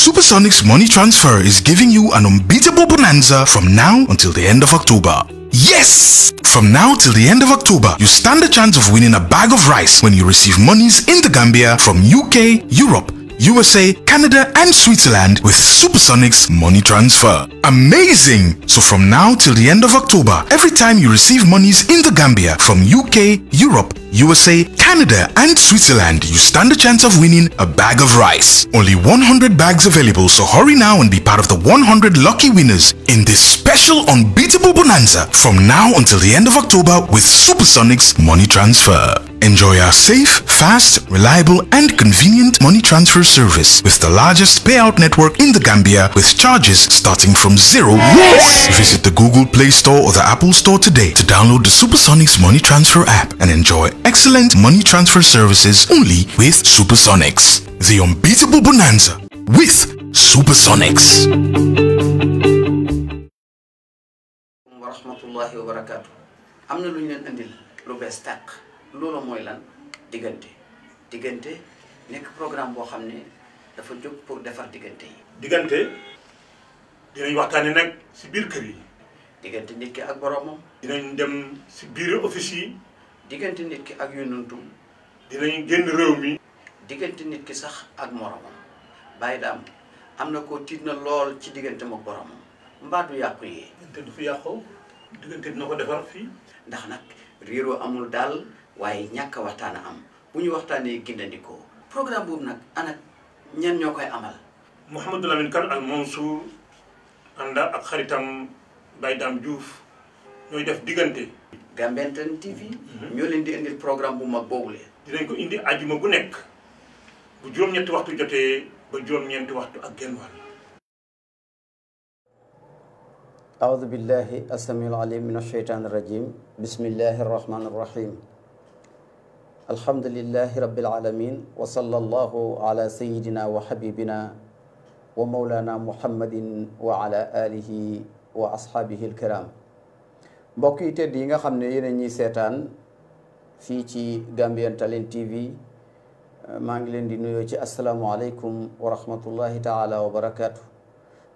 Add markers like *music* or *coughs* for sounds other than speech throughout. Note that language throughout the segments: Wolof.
Supersonic's money transfer is giving you an unbeatable bonanza from now until the end of October. Yes! From now till the end of October, you stand a chance of winning a bag of rice when you receive monies in the Gambia from UK, Europe, USA, Canada and Switzerland with Supersonics money transfer. Amazing! So from now till the end of October, every time you receive monies in the Gambia from UK, Europe, USA, Canada and Switzerland, you stand a chance of winning a bag of rice. Only 100 bags available, so hurry now and be part of the 100 lucky winners in this special unbeatable bonanza from now until the end of October with Supersonics money transfer. Enjoy our safe, fast, reliable and convenient money transfer service with the largest payout network in the Gambia with charges starting from zero. Yes! Visit the Google Play Store or the Apple Store today to download the Supersonics Money Transfer app and enjoy excellent money transfer services only with Supersonics. The unbeatable bonanza with Supersonics. am loolu mooy lan diggante diggante nekk programme boo xam ne dafa jóg pour defar diggante yi. diggante dinañ waxtaanee nag si biir kër yi. diggante nit ki ak boromam. dinañ dem si biir office yi. diggante nit ki ak yonantu. dinañ génn réew mi. diggante nit ki sax ak moromam bàyyi daam am na ko tiit na lool ci diggante ak boromam mbaa du yàqu yi. diggante du fi yàqu dina ko defar fii. ndax nag réeroo amul daal. waaye ñàkk waxtaan am bu ñu waxtaanee gindandikoo programme boobu nag ana ñan ñoo koy amal. Mouhamadou Lamine Kane ak Mansour ànda ak xaritam Baye Dame Diouf ñooy def diggante. Gambian TV. Mhm. ñoo leen di programme bu mag boobu leen. dinañ ko indi ajuma bu nekk bu juróom-ñetti waxtu jotee ba juróom-ñeenti waxtu ak genn wàll. أعوذ بالله السميع العليم من الشيطان الرجيم بسم الله الرحمن الرحيم الحمد لله رب العالمين وصلى الله على سيدنا وحبيبنا ومولانا محمد وعلى آله وأصحابه الكرام mbokk yi tedd yi nga xam ne yéen ñuy seetaan fii ci Gambian Talent TV maa ngi leen di nuyoo ci asalaamualeykum wa rahmatullahi taala wa barakaatu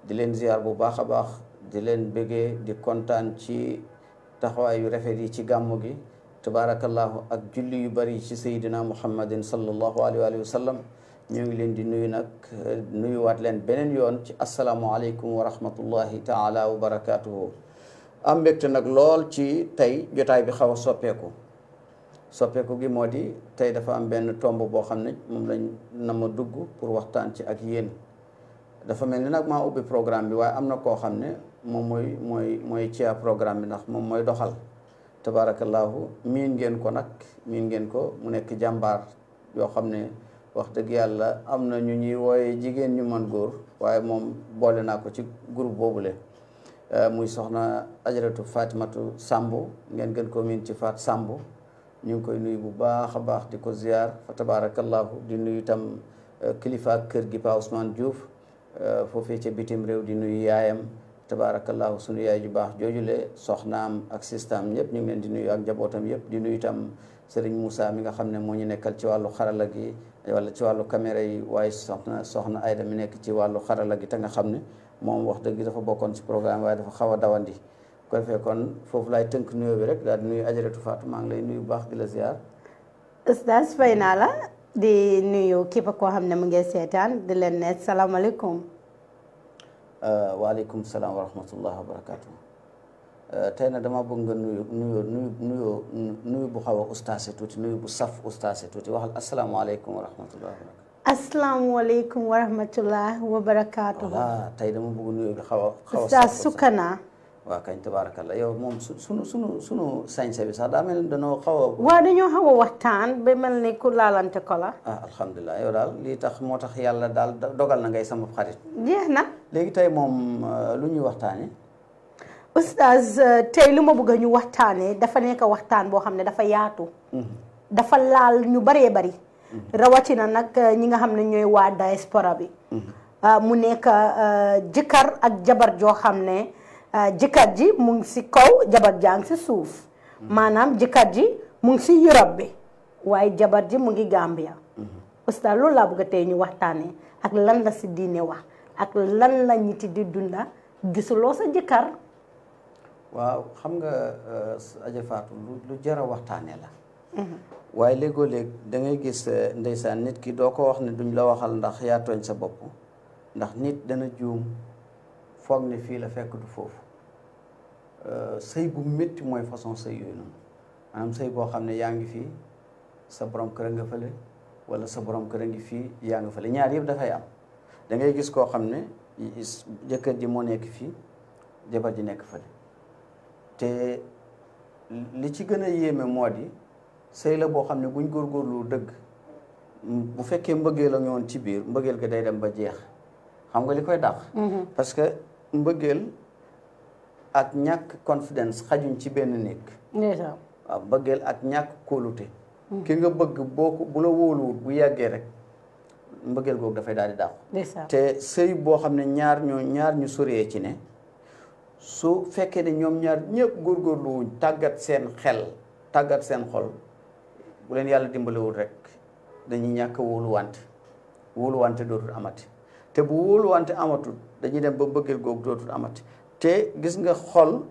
di leen ziar bu baax a baax di leen bëggee di kontaan ci taxawaay yu rafet yi ci gàmmu gi tabaarakallaahu ak julli yu bari ci sayyidina muhammadin sallallahu alayhi wa sallam ñu ngi leen di nuyu nag nuyuwaat leen beneen yoon ci asalaamualeykum wa rahmatullahi taala wa barakaatuhu am mbégte nag lool ci tey jotaay bi xaw a soppeeku soppeeku gi moo di tey dafa am benn tomb boo xam ne moom lañ na ma dugg pour waxtaan ci ak yéen dafa mel ni nag maa ubbi programme bi waaye am na koo xam ne moom mooy mooy mooy ci programme bi ndax moom mooy doxal tabaarakallaahu miin ngeen ko nag miin ngeen ko mu nekk jàmbaar yoo xam ne wax dëgg yàlla am na ñu ñuy wooye jigéen ñu man góor waaye moom boole naa ko ci groupe boobule euh, muy soxna ajaratu fatimatu sàmb ngeen gën ko miin ci faat sàmb ñu ngi koy nuyu bu baax a baax di ko ziar fa tabaarakallaahu di nuyu itam euh, kilifa kër gi pa Ousmane Diouf euh, foofee bitim réew di nuyu yaayam tabaarakallaahu sunu yaay ju baax joojule soxnaam ak sistaam ñëpp ñu ngi leen di nuyu ak njabootam yëpp di nuyu itam Serigne Moussa mi nga xam ne moo ñu nekkal ci wàllu xarala gi wala ci wàllu yi waaye soxna soxna Ayda mi nekk ci wàllu xarala gi te nga xam ne moom wax dëgg dafa bokkoon si programme waaye dafa xaw a dawandi ko defee kon foofu laay tënk nuyoo bi rek daal di nuyu ajaratu Fatou maa ngi lay nuyu bu baax di la ziar. Oustaz fay naa la di nuyu képp koo xam ne mu ngi seetaan di leen ne salaamaaleykum. Euh, waaleykum salaam wa rahmatullah wa barakaatu euh, tey nag dama bëgg nga nuyu nuyu nuyu nuyu bu xaw a ustaase tuuti nuyu bu saf ustaase tuuti waxal asalaamaaleykum wa rahmatullah wa barakaatu. asalaamaaleykum wa rahmatullah wa barakaatu. voilà tey dama bëgg nuyu bi xaw a. xaw a saf ustaas Sukana. waaw kañ tabaarakalla yow moom su sunu sunu sunu sañse bi sax daa mel ni dañoo xaw a. waaw dañoo xaw a waxtaan ba mel ni ku laalante ko la. ah yow daal lii tax moo tax yàlla daal dogal na ngay sama xarit. jeex na. léegi tey moom euh, lu ñuy waxtaanee. oustaz euh, tey lu ma bëgg a ñu waxtaane dafa nekk waxtaan boo xam ne dafa yaatu. Mhm. dafa laal ñu baree bari. Mhm. rawatina nag euh, ñi nga xam ne ñooy waa diaspora bi. Mhm. mu nekk jëkkër ak jabar joo xam ne. Eh, jikat ji mu ngi si kaw jabar jang ci souf manam jikat ji mu ngi Europe bi waye jabar ji mu ngi Gambia oustaz mhm. loolu la bëgg a tey ñu waxtane ak lan la ci diine wax ak lan la ti di dunda gisuloo sa jikar waaw xam nga eh, Aja Fatou lu jar a la mhm. waye lego leg da ngay gis eh, ndeysaan nit ki doko wax ne duñ la waxal ndax ya sa bop ndax nit dana jum fogné fi la fekk du fofu Euh, sëy gu métti mooy façon sëy yooyu noonu maanaam sëy boo xam ne yaa ngi fii sa borom kër nga fële wala sa borom kër a ngi fii yaa nga fële ñaar yëpp dafay am dangay gis koo xam ne jëkkër ji moo nekk fii jabar ji nekk fële te li ci gën a yéeme moo di sëy la boo xam ne góor góorgóorlu dëgg bu fekkee mbëggeel la ñoon ci biir mbëggeel ga day dem ba jeex xam nga li koy dàq mm-hmm. parce que mbëggeel ak ñàkk confidence xajuñ ci benn néeg waaw bëggeel ak ñàkk kóolute hmm. ki nga bëgg boo ko bu la wóoluwut bu yàggee rek mbëggeel googu dafay daal di dàqu te sëy boo xam ne ñaar ñaar ñu soree ci ne su fekkee ne ñoom ñaar ñëpp góorgóorlu wuñ tàggat seen xel tàggat seen xol bu leen yàlla dimbalewul rek dañuy ñàkk woolu wante dootul amati te bu wante amatul dañuy dem ba mbëggeel googu dootul amati te gis nga xol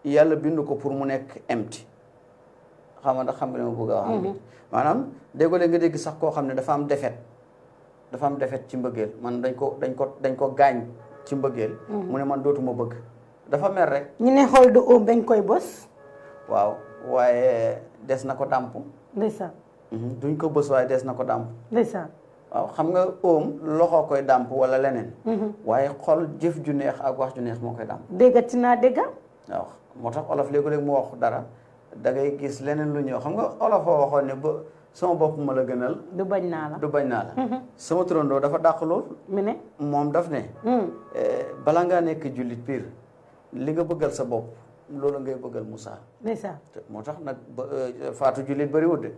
yàlla bind ko pour mu nekk empty xam nga xam nga li ma bëgg a wax. Mm-hmm. maanaam déggoo nga dégg sax koo xam ne dafa am defet dafa defet ci mbëgeel man dañ ko dañ ko dañ ko gaañ ci mbëggeel. Mm-hmm. mu ne man dootuma bëgg dafa mer rek. ñu ne xol du oom dañ koy bës. waaw waaye des na ko dàmp. Mm-hmm. duñ ko bës waaye des na ko dàmp. waaw xam nga oom loxoo koy dàmp wala leneen. Mhm. waaye xol jëf ju neex ak wax ju neex moo koy dàmp. déggati naa dégg. moo tax olof léegi-léegi mu wax dara da ngay gis leneen lu ñëw xam nga olof a waxoon ne ba sama bopp ma la gënal. du bañ naa la du bañ naa la. Mhm. sama turandoo dafa dàq lool. mu ne moom daf ne. Mhm. Eh, bala ngaa nekk jullit pire li nga bëggal sa bopp. loolu ngay bëggal Moussa. ndeysaan moo tax nag eh, faatu jullit bari wut de.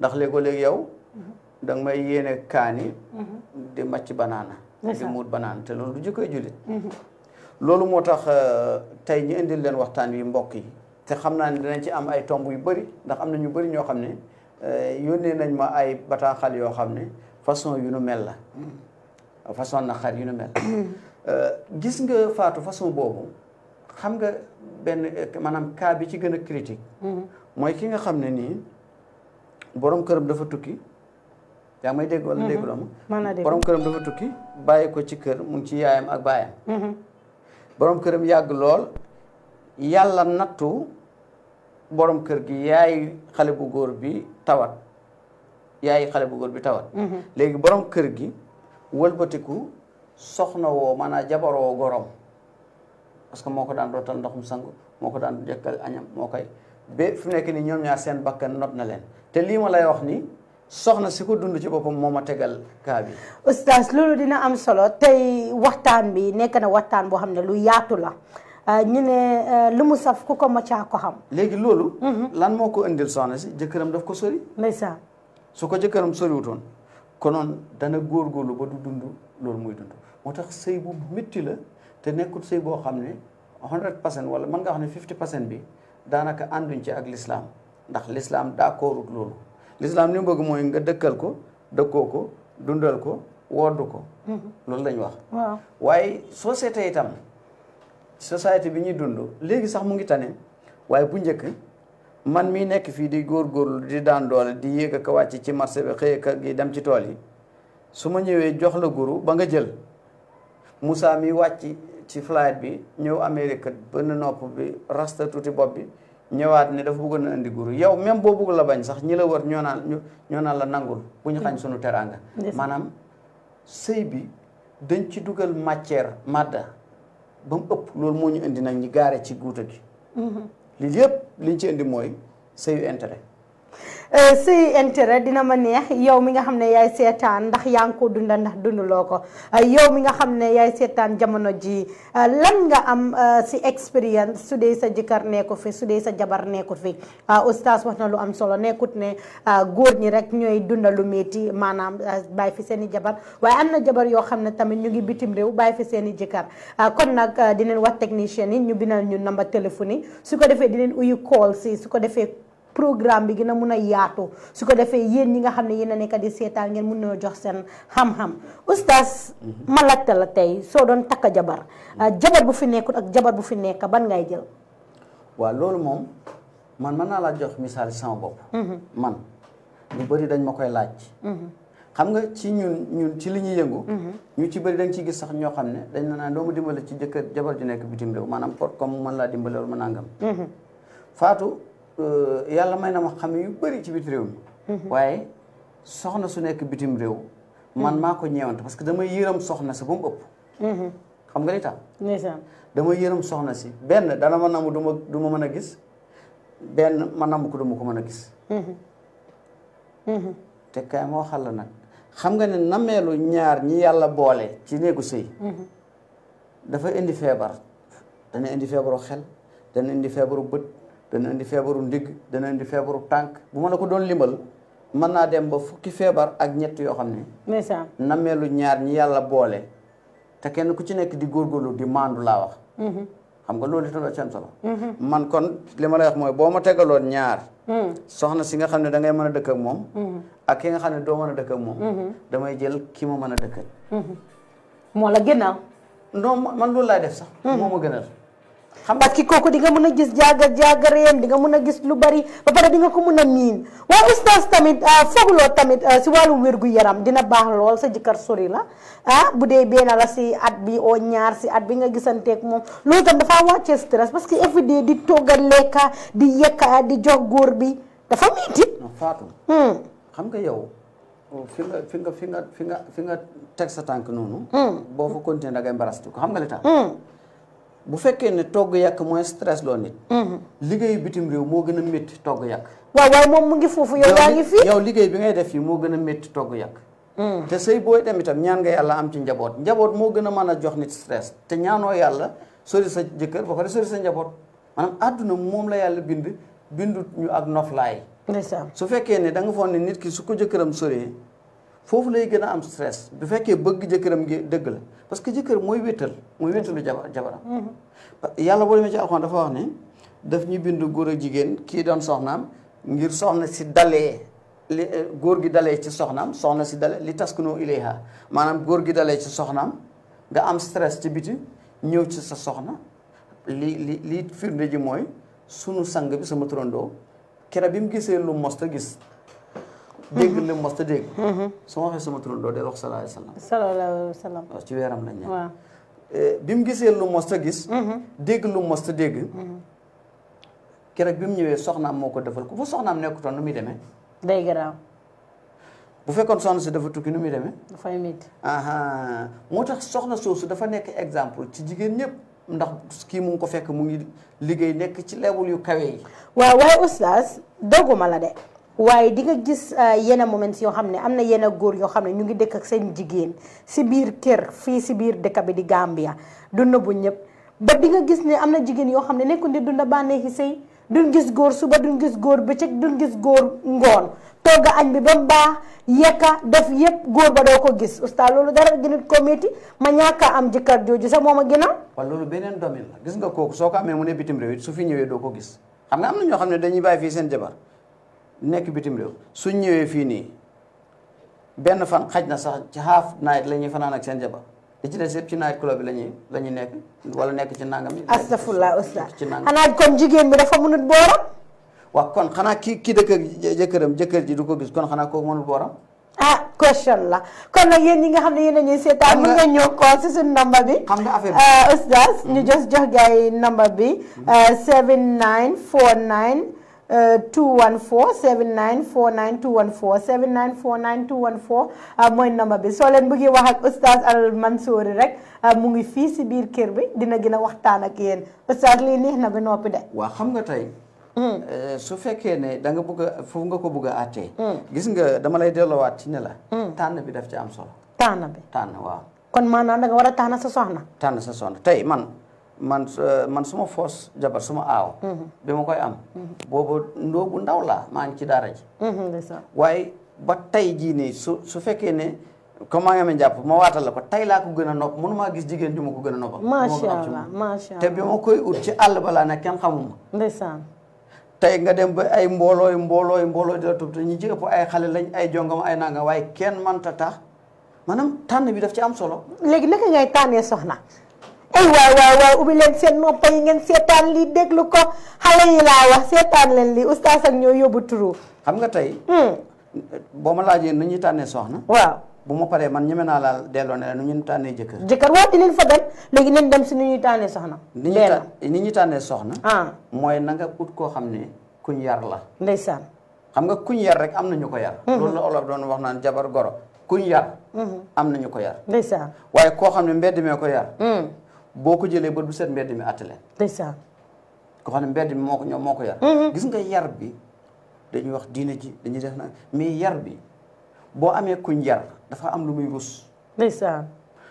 ndax léegoo léegi yow. danga may yéene kaani mhm. di màcc banaana di muut banaana te loolu du jikkoy jullit mhm. loolu moo tax euh, tey ñu indi leen waxtaan wi mbokk yi te xam naa ne dinañ ci am ay tomb yu bëri ndax am na ñu bari ñoo xam ne euh, yónnee nañ ma ay bataaxal yoo xam ne façon yu nu mel la mhm. façon naqar yu nu mel euh, gis nga faatu façon boobu xam nga benn maanaam cas bi ci gën a critique mooy ki nga xam ne nii kër këram dafa tukki yaa may dégg wala mm-hmm. dégg loolu borom këram dafa tukki ko ci kër mu ngi ci yaayam ak baayam mm-hmm. borom këram yàgg lool yàlla nattu boroom kër gi yaay xale bu góor bi tawat xale bu góor bi tawat mm-hmm. léegi borom kër gi wëlbatiku soxna woo maanaam jabaroo gorom parce que moo ko daan dootal ndoxum sangu moo ko daan jëkkal añam moo koy ba fi nekk nii ñoom ñaar seen bakkan not na leen te lii lay wax nii soxna si ko dund ci boppam moo ma tegal kaa bi. oustaz loolu dina am solo tey waxtaan bi nekk na waxtaan boo xam ne lu yaatu la euh, ñu ne euh, lu mu saf ku ko mocaa ko xam. léegi loolu. Mhm. lan moo ko indil soxna si jëkkëram daf ko sori. ndeysaan su ko jëkkëram soriwutoon konoon dana lu ba du dund loolu muy dund moo tax sëy bu métti la te nekkut sëy boo xam ne 100 percent wala mën nga xam ne 50 percent bi daanaka ànduñ ci ak lislaam ndax lislaam d'accordut loolu. lislaam li mu bëgg mooy nga dëkkal ko dëkkoo ko dundal ko woddu ko mhm. loolu lañ wax waaye société itam société bi ñuy dund léegi sax mu ngi tane waaye bu njëkk man mii nekk fii di góor góorgóorlu di daan doole di yéeg ak wàcc ci marché bi xëy ak gi dem ci tool yi su ma ñëwee jox la guru ba nga jël musaa mi wàcc ci flight bi ñëw Amérique benn nopp bi rasta tuuti bopp bi ñëwaat ne dafa bëggoon a indi guru yow même boo bëgg la bañ sax ñi la wër ñoo naan ñoo naan la nangul bu ñu xañ sunu teraanga maanaam sëy bi dañ ci dugal matière madda ba ëpp loolu moo ñu indi nañ ñi gaare ci guuta gi mm-hmm. lii yëpp liñ ci indi mooy sëyu intérêt Euh, suy intérêt dina ma neex yow mi nga xam ne yaay seetaan ndax yaa ngi ko dunda ndax dunduloo ko euh, yow mi nga xam ne yaay seetaan jamono ji euh, lan nga am si expérience su dee sa jëkkër nekku fi su dee sa jabar nekku fi oustaz wax na lu am solo nekkut ne góor ñi rek ñooy dunda lu métti maanaam baay fi seen i jabar waaye am na jabar yoo xam ne tamit ñu ngi bitim réew bàyyi fi seeni i jëkkër kon nag dineen wax technicien yi ñu bindal ñu number téléphone yi su ko defee dineen uyu call si su ko defee programme bi gën a mun a yaatu su ko defee yéen ñi nga xam ne yéen a nekk di seetaan ngeen mun noo jox seen xam-xam oustaz mhm. ma laajte la tey soo doon takka jabar mhm. ah, jabar bu fi nekkut ak jabar bu fi nekk ban ngay jël waaw loolu moom man mën naa la jox misaal sama bopp mhm. man lu bëri dañ ma koy laaj xam nga ci ñun ñun ci li ñuy yëngu ñu ci bëri dañ ciy gis sax ñoo xam ne dañ naa naan doo ma dimbale ci jëkkër jabar ju nekk bitim réew maanaam comme mën laa dimbale ma nangam yalla may na ma xam yu bari ci biti rew mi mhm. waye soxna su nek bitim rew man mhm. mako ñewante parce que dama yëram soxna si bu mu hmm xam nga li tax dama yëram soxna si benn dana ma namm du ma du ma mën gis ben ma nam ko du ma ko gis hmm hmm te kay mo xal la xam nga ne namelu ñaar ñi yalla boole ci néegu sëy dafa indi febar dana indi febaru xel dana indi febaru beut dana indi feebaru ndigg dana indi feebaru tànk bu ma la ko doon limbal mën naa dem ba fukki feebar ak ñett yoo xam ne nameelu ñaar ñi yàlla boole te kenn ku ci nekk di góorgóorlu di maandu laa wax mm-hmm. xam nga loolu itam seen solo mm-hmm. man kon li ma lay wax mooy boo ma tegaloon ñaar mm. soxna si nga xam ne da ngay mën a dëkk moom ki a dëkk ak moom mm-hmm. damay jël ki ma mën a dëkkal moo la gënal non man loolu laay def sax moo ma gënal xam nga ki kooku di nga mën a gis jaaga jaagareem di nga mën a gis lu bari ba pare di nga ko mën a miin waaye oustaz tamit ah, fooguloo tamit ah, si wàllu wérgu yaram dina baax lool sa jëkkër sori la ah bu dee na la si at bi oo ñaar si at bi nga gisanteeg moom loolu tam dafaa wàccee stress parce que every day di togg a lekka di yekka di jox góor bi dafa miiti. faatu hmm. xam nga yow. fi nga fi nga fi nga fi nga fi nga teg sa tànk noonu. Hmm. boo fa continuer dangay mbarastu ko xam bu fekkee ne togg yàq mooy stress loo nit. Mhm. liggéeyu bitim réew moo gën a métti togg yàq. waaw waaye moom mu ngi foofu yow yaa ngi fii yow liggéey bi ngay def fii moo gën a métti togg yàq. Mhm. te sëy booy dem itam ñaan nga yàlla am ci njaboot njaboot moo gën a mën a jox nit stress te ñaanoo yàlla sori sa jëkkër ba pare sori sa njaboot maanaam àdduna moom la yàlla bind bindut ñu ak noflaay. su fekkee ne da nga foog ne nit ki su ko jëkkëram soree. foofu lay gën a am stress bu fekkee bëgg jëkkëram gi dëgg la parce que jëkkër mooy wéttal mooy wéttalu jabar jabaram mm-hmm. yàlla boo demee ci alxuraan dafa wax ni daf ñu bind góor ak jigéen kii doon soxnaam ngir soxna si dalee li eh, góor gi dalee ci soxnaam soxna si dalee li taskunoo ilayha maanaam góor gi dalee ci soxnaam nga am stress ci biti ñëw ci sa soxna li li li firnde ji mooy sunu sang bi sama turandoo kera bi mu gisee lu mos ta gis dégg mhm. li mu mos a dégg. Mhm. su ma waxee sama turandoo del wax salaahu alayhi wa ci weeram lañ ñaan. Eh, bi mu gisee lu mos a gis. Mhm. dégg lu mos a dégg. keroog bi mu ñëwee soxnaam moo ko defal ku fa soxnaam nekkutoon nu muy demee. day garaaw. bu fekkoon soxna si dafa tukki nu muy demee. dafay métti. moo tax soxna soosu dafa nekk exemple ci jigéen ñëpp. ndax kii mu ngi ko fekk mu ngi liggéey nekk ci leewul yu kawe yi. waaw waaye oustaz dogguma la de. waye di nga gis eh, yena moments yo xamne amna yena goor yo xamne ñu ngi dekk ak seen jigéen ci biir kër fi ci biir dekk bi di Gambia du nebu ñep ba di nga gis ne amna na yo xamne ne nekkul di dunda bànneexi sëy duñ gis goor suba duñ gis góor becek, duñ gis goor ngoon toga añ bi ba yeka def yep goor ba do ko gis oustad lolu dara gënut ko ma ñaka am jëkkër jooju sax moom a gën a waaw domaine la gis nga koku soko ko mu ne bitim rewit su fi ñëwee do ko gis xam nga amna ño xamne dañuy bay fi seen jabar nekk bitim réew suñ ñëwee fii nii benn fan xaj na sax ci half night la ñuy fanaan ak seen jabar li ci des yëpp ci night club bi la ñuy nekk wala nekk ci nangam yi. astafurlah ustaz ci nangam xanaa kon jigéen bi dafa mënut booram. waaw kon xanaa ki ki dëkk ak jëkkëram jëkkër ji du ko gis kon xanaa kooku mënut booram. Ah, la kon nag yéen ñi nga xam ne yéen a ñuy seetaan mën nga ñëw ko si bi. xam nga affaire bi ah, ustaz ñu mm-hmm. jox jox gars yi number bi. 7949. Mm-hmm. Ah, 214 7949 214 7949 214 mooy number bi soo leen bëggee wax ak oustaz Al Mansouri rek ah, mu ngi fii si biir kër bi dina gën a waxtaan ak yéen oustaz lii neex na ba noppi de. waaw xam nga tey. Hmm. Eh, su fekkee ne da nga bëgg a foofu nga ko bëgg a hmm. gis nga dama lay delloowaat ci ne la. Hmm. tànn bi daf ci am solo. tànn bi tànn waaw. kon maanaam da nga war a tànn sa soxna. tànn sa soxna tey man. man eh, man suma fos jabar suma aaw mhm. bi ma koy am mhm. boobu ndoo bu ndaw laa maa ngi ci daara ji mhm, waaye ba tey jii nii su su fekkee ne comme maa ngi amee njàpp ma waatal la ko tey laa ko gën a nopp mënu maa gis jigéen ju ma ko gën a noppal macha allah macha allah te bi ma koy ut ci àll balaa laa ne kenn xamuma ndeysaan tey nga dem ba ay mboolooy mboolooy mboolooy di la tub te ñi ci ay xale lañ ay jongama ay nanga waaye kenn mënta taa maanaam tànn bi daf ci am solo léegi naka ngay tànnee soxna ay waay waay waay ubbi leen seen noppa yi ngeen seetaan lii déglu ko xale yi laa wax seetaan leen lii oustaz ak ñoo yóbbu turu. xam nga tey. Hmm. boo ma laajee nu ñuy tànnee soxna. waaw bu ma paree man ñeme naa laa delloo ne la nu ñuy tànnee jëkkër. jëkkër waaw dinañ fa dem léegi nañ dem si nu ñuy tànnee soxna. ni ñuy ni ñuy tànnee soxna. Ah. mooy nanga nga ut koo xam ne kuñ yar la. ndeysaan. xam nga kuñ yar rek am na ñu ko yar. Mm-hmm. loolu la olof doon wax naan jabar goro kuñ yar. Mm-hmm. am na ñu ko yar. ndeysaan waaye koo xam ne mbedd mee ko yar. Mm. boo ko jëlee bët bu set mbedd mi atte leen. ndeysaan. ko xam ne mbedd mi moo ko ñoom moo ko yar. Mm-hmm. gis nga yar bi dañuy wax diine ji dañuy def nag mais yar bi boo amee kuñ yar dafa am lu muy rus. ndeysaan.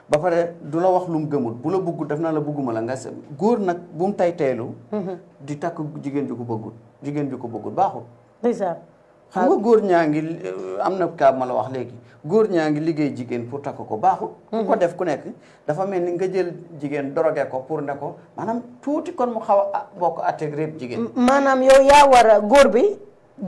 ba pare du la wax lu mu gëmul bu la bëgg daf naa la bëgguma la nga se góor nag bu mu tay teelu mm-hmm. di takk jigéen ju ko bëggul jigéen ju ko bëggul baaxul. xam nga góor ñaa ngi eh, am na kaa ma la wax léegi góor ñaa ngi liggéey jigéen pour takk ko baaxul. ku ko mhm. def ku nekk dafa mel ni nga jël jigéen doroge ko pour ne ko maanaam tuuti kon mu xaw a ah, bokk atteeg réeb jigéen. maanaam yaa war góor bi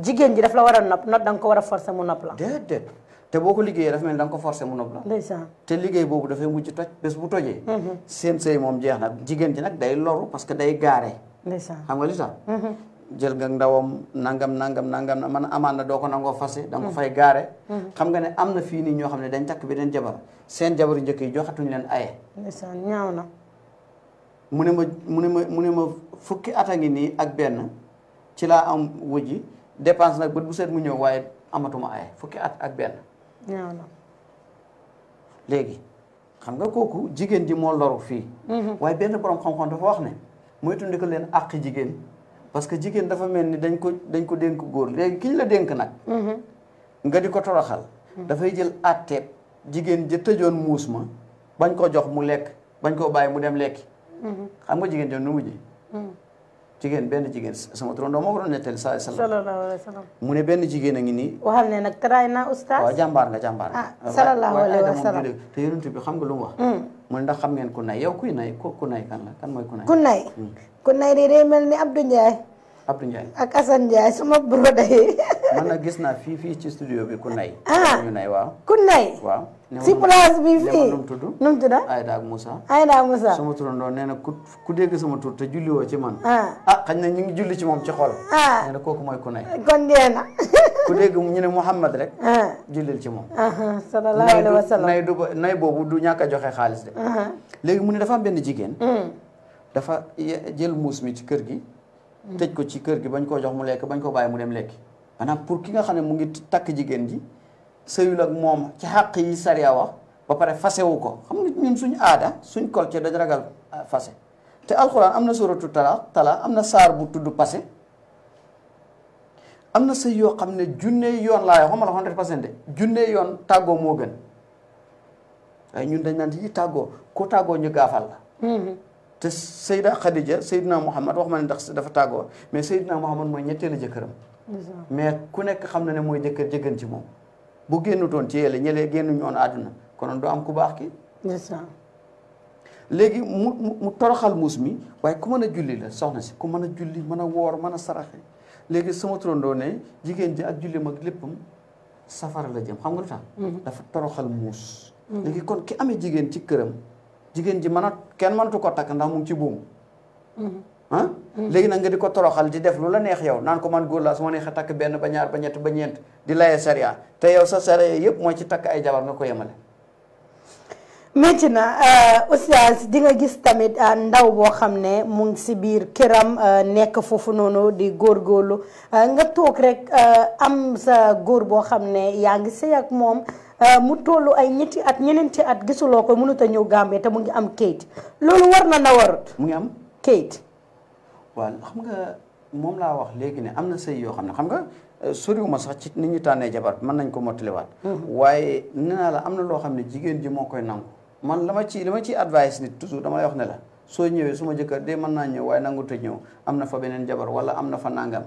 jigéen ji daf la war a nopp not da nga ko war a forcer mu nopp la. déedéet te boo ko liggéeyee dafa mel ni da nga ko forcer mu nopp la. ndeysaan te liggéey boobu dafay mujj toj bés bu tojee. Mhm. seen sëy moom jeex na jigéen ji nag day loru parce que day gaare. ndeysaan xam nga li tax. Mhm. jël nga ndawam nangam nangam nangam man amana na ko nangoo fase da ko fay garé hmm. xam nga ne am na fii nii ñoo xam ne dañ takk beneen jabar seen jabaru njëkk yi joxatuñ len ayé ndeysaan ñaaw na Mune ma mune ma mune ma fukki atangi ni ak ben ci la am wuji dépense nak bët bu seet mu ñëw waaye amatuma ayé fukki at ak ben ñaaw na léegi xam nga koku jigen ji mo loru fi hmm. waye ben borom xam-xam dafa wax né moy tundiko len ak jigen parce que jigéen dafa mel ni dañ ko dañ ko dénk góor léegi ki ñu la dénk nag. Mhm. nga di ko toroxal. Mhm. dafay jël àtteeb jigéen ja tëjoon muus ma bañ ko jox mu lekk bañ koo bàyyi mu dem lekki. Mhm. xam nga jigéen jooju nu ji. jigéen benn jigéen sama turandoo moo ko doon nettali saa sallallahu mu ne benn jigéen a ngi nii waxal ne nag taraay naa oustaz waaw jàmbaar nga jàmbaar nga ah sallallahu alayhi wa sallam te xam nga lu wax mm. man ndax xam ngeen ku nay yow kuy nay ku ku nay kan la kan mooy ku nay. ku nay hmm. ku nay de day mel ni Abdou Ndiaye. Abdou Ndiaye ak Assane Ndiaye suma broda yi man na gis naa fii fii ci studio bi ku nay ah ñu nay waaw ku nay waaw si place bi fii num tudd num tudd Aïda ak Moussa Aïda ak Moussa sama turandoo nee na ku ku dégg sama tur te julli woo ci man ah. ah xañ na ñu ngi julli ci moom ci xol ah nee na kooku mooy ku nay kon dee na *laughs* ku dégg ñu ne Mouhamad rek ah. jullil ci moom sallallahu alayhi wa sallam nay boobu du ñàkk joxe xaalis de léegi mu ne dafa am benn jigéen mm. dafa jël muus mi ci kër gi tëj ko ci kër gi bañ koo jox mu lekk bañ ko bàyyi mu dem lekki maanaam pour ki nga xam ne mu ngi takk jigéen ji sëyul ak moom ci xàq yi sariya wax ba pare fasewu ko xam nga suñ aada suñ culture dañ ragal ah, fase te alxuraan am na suratu tala tala am na saar bu tudd passé am na sëy yoo xam ne junne yoon laa yoo la hundred percent de junne yoon tàggoo moo gën waaye ñun dañ naan yi tàggoo ku tàggoo ñu gaafal la mm-hmm. te Seyda Khadija Seydina Muhammad wax ma ne ndax dafa tàggoo mais Seydina Muhammad mooy ñetteelu jëkkëram mais ku nekk xam na ne mooy jëkkër jëggan ci moom bu génnutoon ci yéele ñëlee génnu ñoon àdduna kon du am ku baax ki léegi mu mu toroxal muus mi waaye ku mën a julli la soxna si ku mën a julli mën a woor mën a saraxe léegi suma turandoo ne jigéen ji ak julli mag léppam safara la jëm xam nga lu tax mhm. dafa toroxal muus mhm. léegi kon ki amee jigéen ci këram jigen ji manat ken man tu ko tak ndax mu ci buum. Mm-hmm. ah mm-hmm. legi nak nga di ko toroxal di def lula neex yow nan ko man góor la su ma tak ben ba ñaar ba ñett ba ñent di laye sharia te yow sa sharia yep mo ci tak ay jabar nako ko metina euh oustaz di nga gis tamit euh, ndaw bo xamne mu ngi ci bir euh, nek fofu nono di gurgulu, euh, nga tok rek am sa gor bo xamne ne ak mom Euh, mu tollu ay ñetti at ñeneenti at gisuloo ko mënut a ñëw Gambie te mu ngi am kayit loolu war na na warut. mu ngi am kayit. waa xam nga moom laa wax léegi ne am na sëy yoo xam ne xam nga. Euh, soriwuma sax ci ni ñu tànnee jabar mën nañ ko mottaliwaat mm-hmm. waaye nee la am na loo xam ne jigéen ji moo koy nangu man la ma ci la ma ciy advice nit toujours dama lay wax ne la soo ñëwee su jëkkër de mën naa ñëw waaye nangu te ñëw am na fa beneen jabar wala am na fa nangam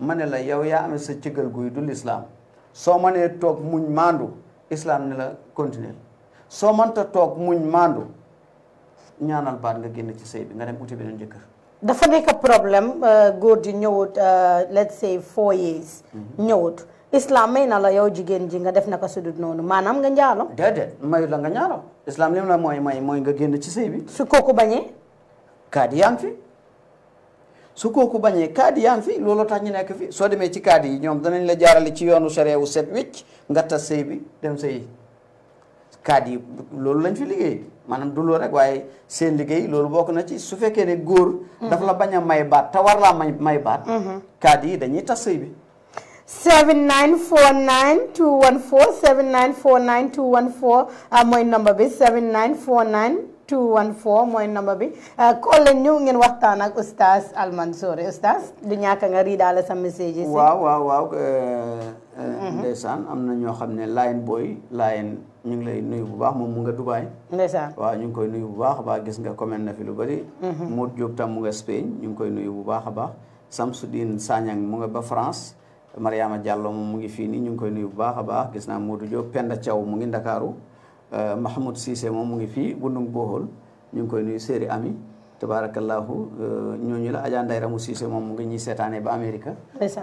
ma ne la yow yaa amee sa cëgal guy du lislaam soo ma nee toog muñ maandu islam ne la continuer soo manta toog muñ maandu ñaanal baat nga génn ci sëy bi nga dem uti beneen njëkk dafa nekk problème euh, góor ji ñëwut euh, let's say four years mhm. ñëwut islam may na la yow jigéen ji nga def na naka sudut noonu maanaam nga njaalo déedéet mayu la nga njaalo islam li mu la mooy mooy nga génn ci sëy bi su kooku bañee kaadi yaa ngi fi su kooku bañee kaadi yaa ngi fi looloo tax ñu nekk fi soo demee ci kaadi yi ñoom danañ la jaarale ci yoonu sariya wu set wicc nga tas sëy bi dem sëy kaadi yi loolu lañ fi liggéey maanaam du loo rek waaye seen liggéey loolu bokk na ci su fekkee ne góor. Mm-hmm. dafa la bañ a may baat ta war laa may may baat. Mm-hmm. kaadi yi dañuy tas sëy bi. 7949214 7949214 ah, mooy number bi 7949 214 mooy number bi call leen ñu ngeen waxtaan ak oustaz Almansory oustaz du ñàkk nga riidaale sa message yi waaw waaw waaw euh, euh, mhm. ndeysaan am na ñoo xam Lion Boy Lion ñu ngi lay nuyu bu baax moom mu nga Dubaay ndeysaan waaw ñu ngi koy nuyu bu baax a gis nga comment na fi lu bari mhm. Mour Diop tam mu nga Spain ñu ngi koy nuyu bu baax a baax Samsudine Sagnang mu nga ba France Mariama Diallo moom mu ngi fii nii ñu ngi koy nuyu bu baax a gis Modou Penda mu ngi Euh, Mahmoud Cissé moom mu ngi fii bu Bundung Bohol ñu ngi koy nuyu séeri ami tabarakallahu euh, ñooñu la Adja Ndeye Ramou moom mu ngi ñuy seetaanee ba Amérique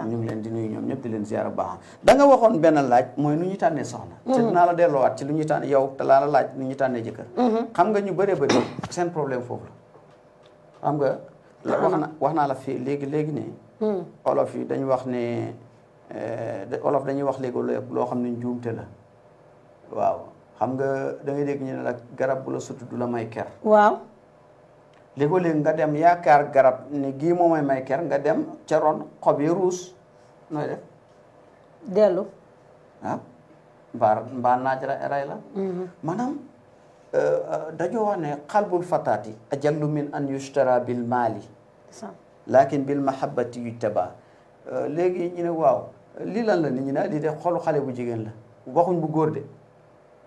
ñu ngi leen di nuyu ñoom ñëpp di leen ziyaara baax da nga waxoon benn laaj mooy nu ñuy tànnee soxna mm-hmm. te dinaa la delloowaat ci lu ñuy tànn yow te laa la laaj nu ñuy tànnee jëkkër mm-hmm. xam nga ñu bare bëri seen problème foofu la xam nga wax na wax naa la fii léegi léegi ne mm-hmm. olof yi dañu wax ne euh, olof dañuy wax léegi loo xam ne njuumte la waaw xam nga da ngay dégg la garab bu la sutu du la may ker. waaw. léegoo-léeg nga dem yaakaar garab ni gii moo may may ker nga dem ca ron xob yi ruus nooy def. dellu. ah mbaa mbaa naaj ray la. Mm-hmm. maanaam euh, euh, dañoo wax ne xalbul fataati ajallu min an yushtara bil maali. laakin bil mahabbati yujtaba euh, léegi ñu ne waaw lii lan la nit ñi ne lii de xolu xale bu jigéen la waxuñ bu góor de.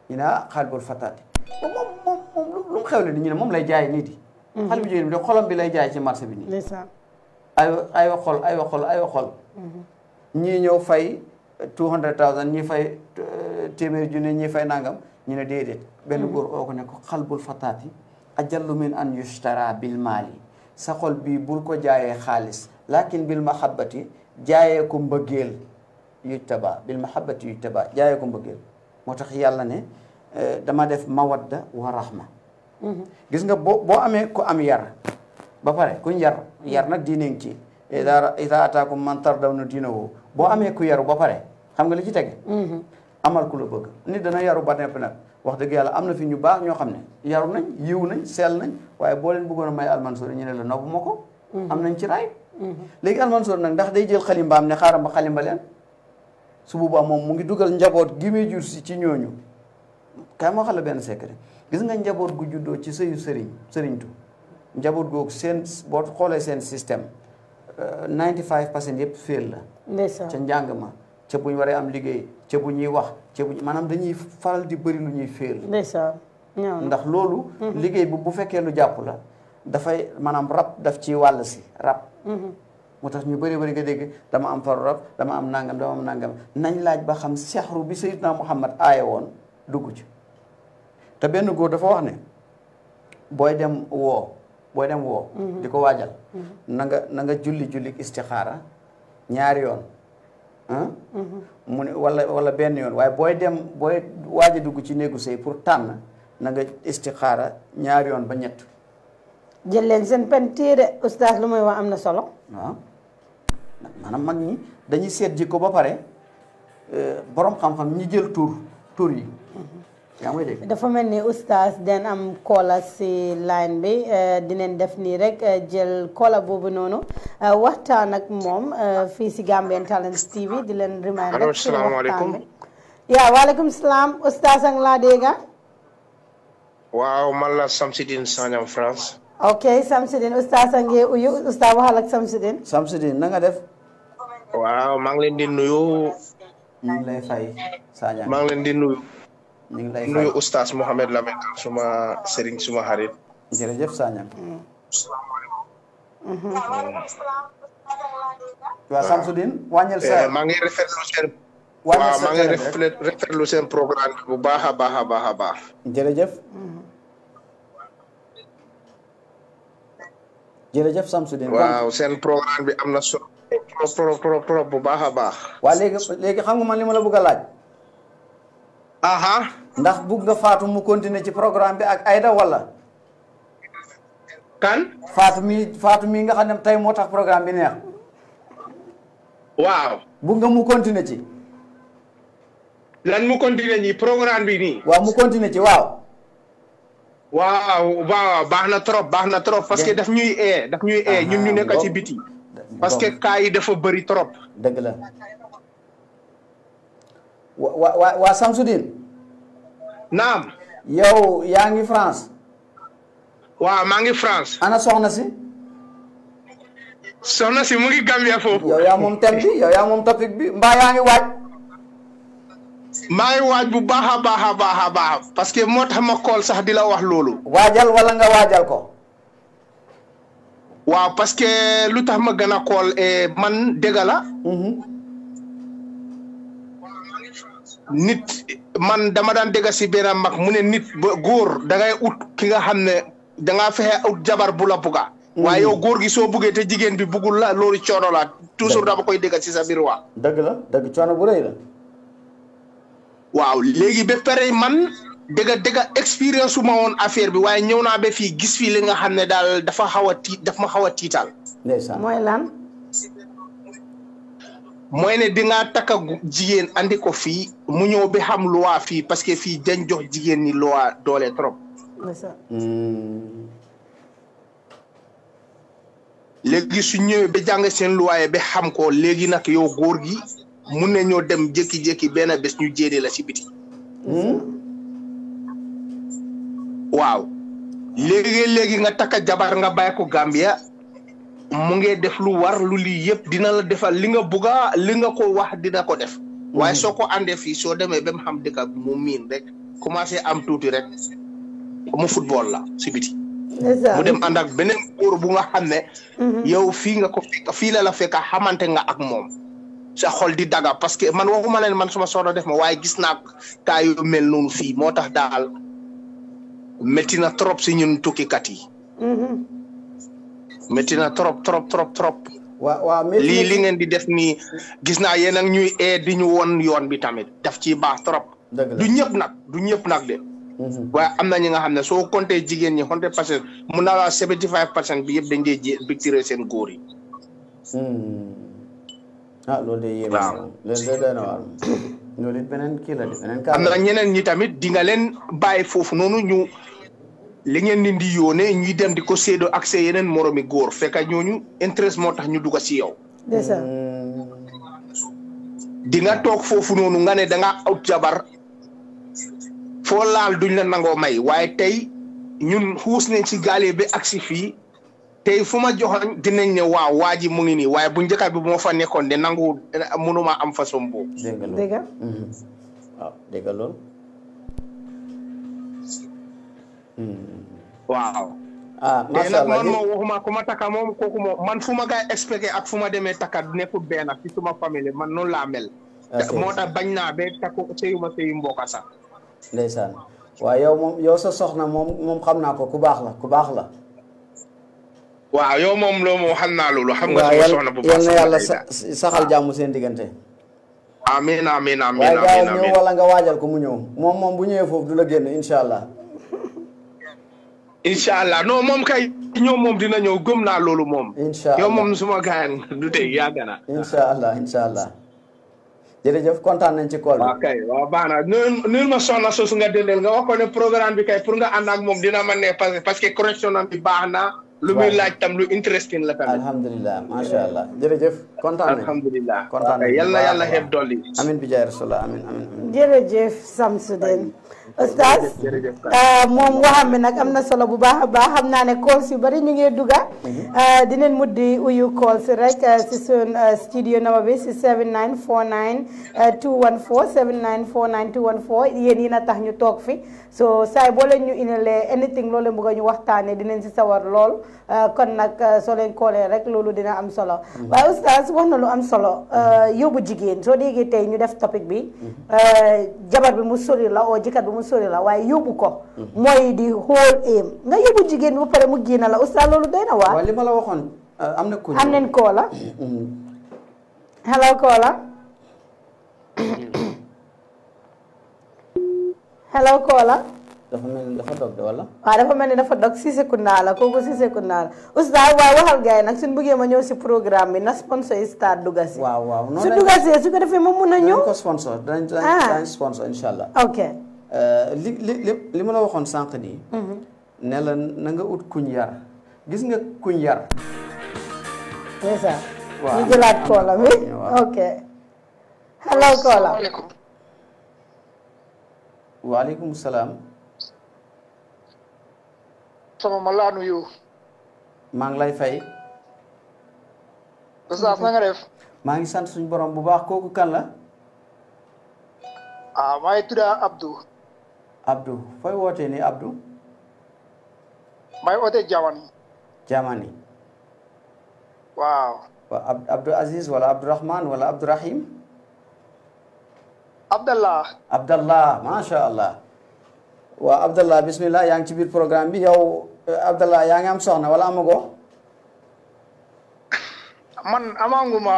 ñu na ah xaalibul fataati moom moom moom lu mu xewle ni ñu ne moom lay jaay nii yi mhm. xale bu jigéen bi de xolam bi lay jaay ci marché bi ni ay ay wa ay wa xol ay wa mhm. ñëw fay two hundred thousand ñii fay euh, téeméer junne ñii fay nangam ñu ne déedéet benn mhm. góor oo ko ne ko xalbul fataati ajallu min an yustara bil maali sa xol bi bul ko jaayee xaalis lakin bil mahabbati jaayee ko mbëggeel yuj taba bil mahabbati yuj taba jaayee ko mbëggeel moo tax yàlla ne euh, dama def mawadda wa ma mhm. gis nga boo boo amee ku am yar ba pare kuñ yar yar nag diine ngi ci ida ida ataakum man tardawna diinahu boo amee ku yaru ba pare xam nga li ci teg mhm. amal ku la bëgg nit dana yaru ba nepp nag wax dëgg yàlla am na fi ñu baax ñoo xam ne yaru nañ yiw nañ seel nañ waaye boo leen bëggoon a may almansori ñu ne la nopp ma ko mhm. am nañ ci raay léegi almansori nag ndax day jël xalimbaam ne xaaram ba xalimba leen su boobaa moom mu ngi dugal njaboot gi muy si ci ñooñu kaay ma xala benn secret gis nga njaboot gu juddoo ci sëyu sëriñ sëriñtu njaboot googu seen boo xoolee seen système 95 euh, pour cent yëpp féel la. ca njàng ma ca bu ñu waree am liggéey ca bu ñuy wax ca bu maanaam dañuy faral di bëri lu ñuy féel. ndax loolu. Mhm. liggéey bu bu fekkee lu jàpp la dafay maanaam rab daf ciy wàll si rab. Mhm. motax ñu bari bari ga dégg dama am faru rab dama am nangam dama am nangam nañ laaj ba xam sehru bi sayyidna Muhammad aaye won dugg ci te benn goor dafa wax ne boy dem wo boy dem wo di wajal na nga na nga julli julli istikhara ñaar yoon mu wala wala benn yoon waye boy dem boy waji duggu ci néegu sey pour tan na nga istikhara ñaar yoon ba ñett jël len sen pen téré oustaz lumay wa amna solo manam mag ni dañuy seet jikko ba pare euh, borom xam-xam ñi jël tur tour yi. dafa melni oustaz den am koola si line bi euh, dinen def ni rek euh, jël koola bobu nonu waxtaan ak mom fi ci Gambian talent TV di len remind rek assalamu alaykum ya wa alaykum salaam oustaz ang la dega waaw man la Samsidine sanam France Oke Samsidine oustaz a uyu oustaz waxal samsudin. Samsidine Samsidine nga def waaw maa ngi leen di nuyu. ñu ngi lay fay Sadia. maa ngi leen di nuyu. ñu ngi lay fay nuyu oustaz Mohamed Lamine suma sëriñ suma xarit. jërëjëf Sadia. waaw Samsudin wàññil ya, sa. maa ngi rafetlu seen. wàññil sa waaw maa ngi rafetlu seen programme bu baax a baax a baax a baax. jërëjëf. jërëjëf samsudin. waaw kan? seen programme bi amna so pro pro pro pro bu baax baax. wa legi legi xam nga man li ma la bëgg laaj. aha ndax bu nga Fatou mu continuer ci programme bi ak Aida wala. kan. Fatou mi Fatou mi nga xam ne motax programme bi neex. waaw. bu nga mu continuer ci. lan mu continuer ni programme bi ni wa mu continuer ci waaw waaw waaw baax trop baax trop parce que daf ñuy ee eh, daf ñuy ee eh, ñun ñu ah, nekk ci biti parce que cas yi dafa bëri trop dëgg la wa wa wa Samsudin naam yow yaa ngi France waaw maa ngi France ana soxna si soxna si mu ngi Gambia foofu yow yaa moom thème bi yow yaa moom topic bi mbaa yaa ngi waaj may waj bu baax a baax a lulu. parce que moo ma sax dila wax lolu wajal wala nga wajal ko. waaw parce que lutax ma gëna e eh, man degala. hmm nit man dama dan dega ci benn mak mune nit goor da ngay ut ki nga xamne ne da nga fexé ut jabar bu la buga. Mhm. waaye yow góor gi soo buggee te jigéen bi bugul la loolu coono la toujours dama koy si sa biir waa. dëgg la dëgg coono bu rëy la. Wow, léegi ba pare man dëgg dega expérience ma woon affaire bi waaye ñëw naa ba gis fii li nga xam ne daal dafa xaw a tiit daf ma xaw a tiital. ndeysaan mooy lan. mooy ne di nga takk jigéen andi ko fii mu ñëw ba xam loi fii parce que fii dañ jox jigéen ni loi doole trop. léegi su ñëwee ba jàng seen loi ba xam ko léegi nag yow góor gi mun ñoo dem jekki jekki benn bés ñu jéene la ci biti hmm? waaw léegi léegi nga takka jabar nga bàyyi ko gambia mu ngi def lu war lu lii yëpp dina la defal li nga buga li nga ko wax dina ko def hmm. waaye soo ko àndee fii soo demee ba mu xam dëkk mu miin rek commencé am tuuti rek mu football la si biti mu dem ànd ak beneen góor bu nga xam hmm. yow fii nga ko fekk fii la la fekk xamante nga ak moom sa xol di daga parce que man waxuma len man suma soxna def ma waaye gis na ka yu mel noonu fi motax dal metti na trop si ñun kat yi mm-hmm. metti na trop trop trop trop wa wa li li ngeen di def ni gis na yeen ak ñuy e di ñu won yoon bi tamit daf ci baax trop du ñepp nak du ñepp nak de mm-hmm. wa amna ñi nga xamne so konté jigen ñi hundred percent mu na la seventy five percent bi yeb dañ dee victoire sen goor yi mm-hmm ah loolu de yéeme nah. waaw loolu de doy na waar loolu it beneen kii la de beneen kaa am na ñeneen ñi tamit di nga leen bàyyi foofu noonu ñu interest moo tax ñu dugg si yow hmm. di nga toog out jabar foo laal duñ la nangoo may waaye tey ñun xuus nañ si gaale bi ak fii tey fu ma joxoon dinañ ne waaw waa ji mu ngi nii waaye bu njëkk bi moo fa nekkoon de nangu mënuma am fa boobu. dégg lool loolu mhm. waaw dégg nga mhm. ah, ku ma takka moom kooku moom man fu ma koy expliqué ak fu ma demee takka nekkul benn suma famille man noonu laa mel. Ah, moo naa ba takku waaye yow yow sa soxna moom xam naa ko ku baax la ku baax la. waaw yow moom loo moom xam naa loolu xam nga sama soxna bu baax yal yàlla saxal jàmm seen diggante amin amin amin waaye gaawam ñëw wala nga waajal ko mu ñëw moom moom bu ñëwee foofu du la génn insha allah insha allah non moom kay ñoom moom dina ñëw gëm naa loolu moom insha allah yow moom suma gaayan *laughs* du tey yàgg na insha allah insha allah jërëjëf kontaan nañ ci kool bi kay waaw baax na nul ma soxna soosu nga dëndeel nga wax ko ne programme bi kay pour nga ànd ak moom dina ma ne parce que correction bi baax na lu muy laaj tam lu interesting la tamit. alhamdulilah macha allah jërëjëf. kontaan nañu alhamdulilah kontaan nañu yàlla yàlla xeeb dolli. amiin bi jaay rasulallah amiin amiin. jërëjëf Samsudeen. Oustaz euh, moom waxam bi nag am na solo bu baax a baax xam naa ne calls yu bari ñu ngi dugga mhm. euh, dineen mujj di uyu calls rek euh, si sun studio number bi si 7949 214 7949 214 yéen yi na tax ñu toog fi. so saay boo leen ñu inalee anything loolu leen a ñu waxtaanee dinañ si sawar lool euh, kon nag euh, soo leen koolee rek loolu dina am solo mm-hmm. waaye oustaz wax na lu am solo euh, yóbbu jigéen soo déggee tey ñu def topic bi mm-hmm. jabar bi mu sori la oo jëkkër bi mu sori la waaye yóbbu ko mm-hmm. mooy di whole aim nga yóbbu jigéen bu pare mu génn la oustaz loolu doy na waa li ma la waxoon am na ko am koola hello koola *coughs* *coughs* hello Kola. wala dafa mel ni dafa dog de wala waaw dafa mel ni dafa dog Ceesay Kounda la si program bi sponsor istar start duga si waaw waaw su duga si su ko defee ma mun ko sponsor dan danañ sponsor insha allah ok li li li li ma la waxoon sànq nii ne ut kunyar, gis nga kunyar. yar c'est ça ñu jëlaat koola bi ok hello Waalaikum salam. sama ma laa nuyu. maa ngi lay fay. Oustaz na nga def. maa ngi sant suñu borom bu baax kooku kan la. ah maa ngi tudd Abdou. Abdou fooy wootee ni Abdou. maa ngi wootee Jamani. Jamani. waaw. waaw Abdou Aziz wala Abdourahman wala Rahim. Abdallah Abdallah macha allah bismillah yaa ngi ci biir programme bi yow eh, Abdallah yaa ngi am soxna wala amagoo. man amaanguma.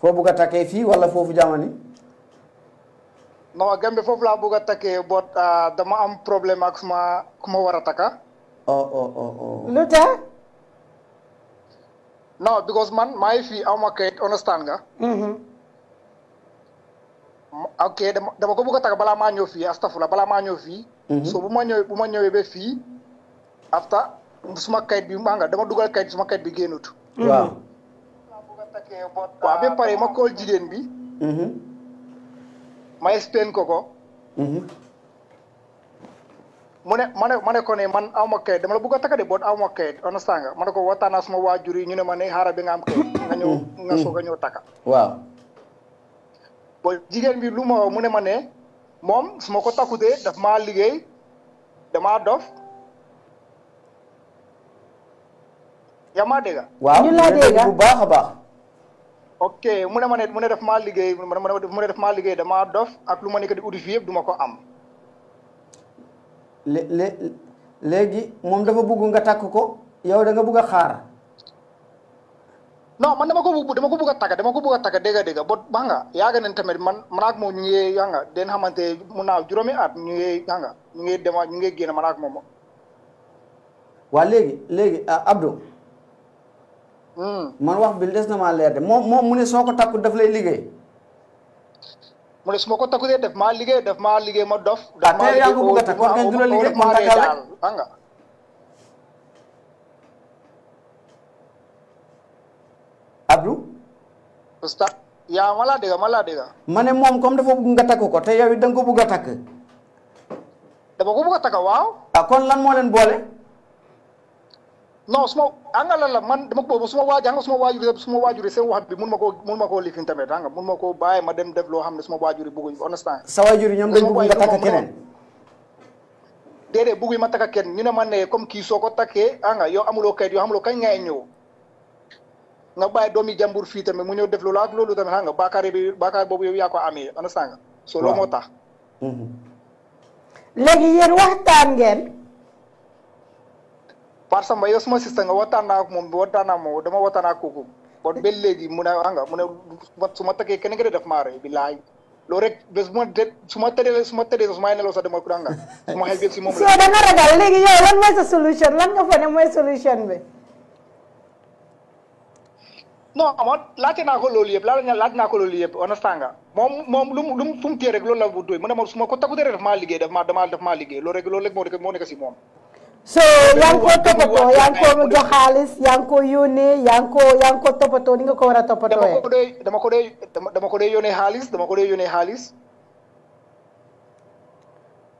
foo bugg takkee fii wala foofu jamono. non Gambie foofu laa bugg takkee boot ah, dama am problème ak suma ku ma war a takka. Oh, oh, oh, lu tax. non because man maa fii aw ma understand nga. Mm-hmm. ok dama ko bëgg a tag balaa maa ñëw fii astafurlah balaa maa ñëw mhm. so bu ma ñëwee bu ma ñëwee ba fii afta suma kayit bi maa nga dama dugal kayit suma kayit bi génnut. Mhm. waaw. waaw ba pare ma kool jigéen bi. Mhm. ma explain ko ko. mu ne ma ne ko ne man aw ma kayit dama la bëgg a takk de bon aw kayit understand nga ma ne ko waxtaan naa suma waajur yi ñu ne ma ne nga am kayit. nga ñëw nga ñëw waaw bon jigen bi luma mu ne mané mom suma ko takkutee daf ma liggéey dama dof yama dega waaw ñu la dega bu baax baax. oké mu ne mané mu ne daf ma liggéey mu ne daf ma liggéey dama dof ak luma ne ko di uti fii yëpp ko am. lé léegi mom dafa bëgg nga takko yow da nga bëgg xaar. non man dama ko bëgg dama ko bëgg a tagga dama ko bëgg a tagga dégg nga dégg nga ba xam nga yaaga nañ tamit man man ak moom ñu ngi xam nga den xamante mun juróomi at ñu ngi xam ñu ngi dema ñu ngi génn man ak moom waa léegi léegi ah, Abdou hmm. man wax bi des na maa leer de moom moom mu ne soo ko takku daf lay liggéey mu ne su ko takku dee def maa liggéey def maa liggéey ma dof daf ah, maa liggéey ko bëgg takk ma takkal rek xam nga Abdou Usta ya mala de mala de mané mom comme dafa bëgg nga takku ko té yow ya, it da nga ko bëgg takk dama ko bëgg a takk waaw ah kon lan mo leen bolé non suma anga la la man dama ko bëgg suma waji anga suma waji suma waajur seen wax bi mun ma koo mun ma koo lifin tamit anga mun ma koo ma dem def lo xamné ne suma waajur bëgguñ understand sa waajur ñoom dañ bëgg nga takk kenen déedéet bëgguy ma takk kenn ñu né man né comme ki soko takké takkee anga yow amuloo kayit yow amulo kañ ngay ñëw nga bàyyi doomi jàmbur fii tamit mu ñëw def loolu ak loolu tamit xam nga baakaar bi baakaar boobu yow yaa ko amee ana sànga so moo tax mhm. léegi yéen waxtaan ngeen parce que yow suma sista nga waxtaan naa ak moom waxtaan naa moom dama waxtaan ak kooku kon léegi mu ne xam nga mu ne su ma takkee kenn def maa loolu rek bés ma de su ma tëddee su ma tëddee sax su ma sax dama ko danga su ma xel bi si moom *laughs* lan sa solution lan nga fa mooy solution bi. non moom laajte na ko lolou yeb la naa laaj na ko lolou yeb on nga mom mom lum lum fum mu rek lolou la bu doy mu ne moom suma ko takkutee daf maa liggéey daf maa dama daf ma liggéey lolou rek lolou rek mo rek mo nekk si so yang ko topato yang ko mo koo yang ko yone yang ko yang ko topato ni nga ko wara topato dama ko doy dama ko doy dama ko doy yone xaalis dama ko doy yone xaalis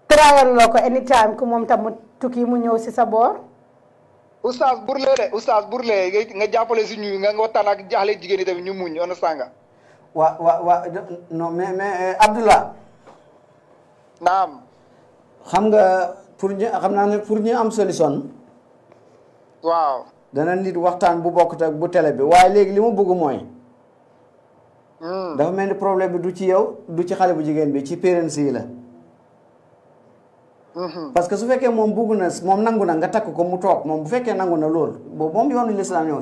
trayal loo ko anytime ku mom tam tukki mu ñew ci sa bor oustaz burle de oustaz burle nga jàppale suñu nga nga waxtaan ak jaaxle jigéen yi tam ñu muñ on sanga wa wa wa no mais mais eh, abdullah naam xam nga pour ñu xam na ne pour ñu am solution waaw dana nit waxtaan bu bokk tak bu télé bi waaye légui limu bëgg moy hmm dafa melni problème bi du ci yow du ci xalé bu jigéen bi ci parents yi la Mm-hmm. parce que su fekkee moom bugg na moom nangu na nga takk ko mu toog moom bu fekkee nangu na loolu boobu moom yoonu lislaam ñëw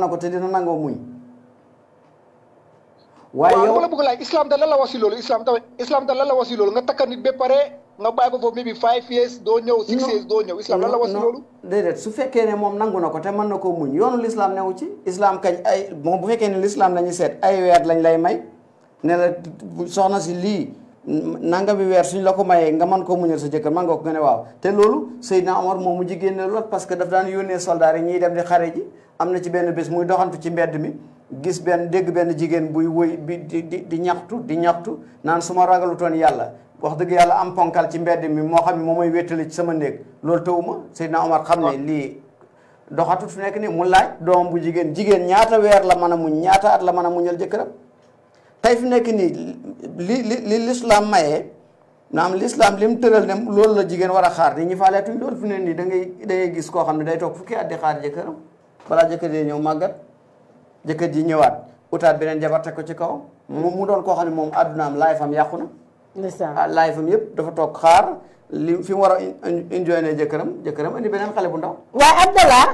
bu ko te dina nangoo muñ. waaye yow la bëgg laaj islam da la la wasi loolu islam da islam da la la wasi loolu nga takka nit ba pare nga bàyyi ko foofu maybe five years doo ñëw la la wasi loolu déedéet fekkee ne moom nangu na ko te mën na koo muñ yoonu lislaam newu ci islam kañ ay moom bu fekkee ne lislaam la ñuy seet ay weer lañ lay may ne la soxna si lii nanga bi weer suñ la ko mayee nga mën koo muñal sa jëkkër man nga ko nga waaw te loolu Seydina Omar moom mu jigéen ne lool parce que daf daan yónnee soldaar yi ñiy dem di xare ji am na ci benn bés muy doxantu ci mbedd mi gis benn dégg benn jigéen buy woy bi di di ñaxtu di ñaxtu naan suma ma ragalutoon yàlla wax dëgg yàlla am ponkal ci mbedd mi moo xam ne moom mooy wéttali ci sama néeg loolu tawuma Seydina Omar xam ne lii doxatut fu nekk nii mu laaj doom bu jigéen jigéen ñaata weer la mën a muñ ñaata at la mën a muñal jëkkëram tey fi nekk ni li li li lislaam mayee naam lislaam lim tëral ne loolu la jigéen war a xaar ni ñi faaleetuñ loolu fi ne nii da ngay da ngay gis koo xam ne day toog fukki at di xaar jëkkëram balaa jëkkër ji ñëw màggat jëkkër ji ñëwaat utaat beneen jabar teg ko ci kaw mu mu doon koo xam ne moom addunaam laay fam yàqu na ah laay fam yëpp dafa toog xaar li fi mu war a enjoy ne jëkkëram jëkkëram indi beneen xale bu ndaw waaye Abdallah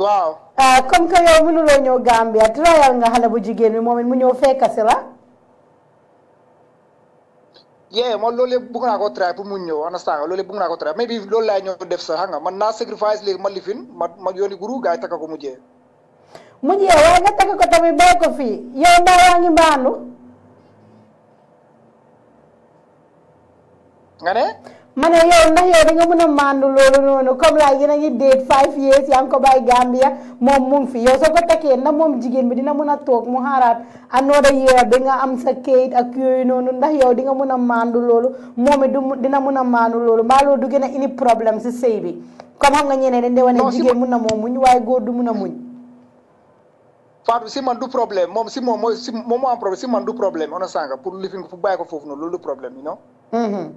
waaw ah, comme que yow mënuloo ñëw Gambia trial nga xale bu jigéen bi moom it mu ñëw fekk si la yeah man loolu yëpp bëgg naa ko try pour mu ñëw understand nga bëgg naa ko try maybe loolu laay ñëw def sax xam nga man naa sacrifice léegi ma lifin ma ma yooni guru gaa yi takk ko mujjee mujjee waaye nga takk ko tamit bàyyi ko fii yow mbaa yaa ngi mbaandu nga ne ma ne yow ndax yow da nga mën a màndu loolu noonu comme la yéen a ngi date five years yaa ngi ko bàyyi Gambia moom mu ngi yow soo ko takkee ndax moom jigéen bi dina mën a toog mu xaaraat another year bi nga am sa kayit ak yooyu noonu ndax yow di nga mën a màndu loolu moom it dina mën a màndu loolu mbaa loolu du gën a indi problème si sëy bi comme xam nga ñeneen dañ de wane jigéen mun na moo muñ waaye góor di mun a muñ Fatou si man du problème moom si moom mooy si moo am man du problème on a pour lifin ko ko foofu noonu loolu du problème you mm-hmm.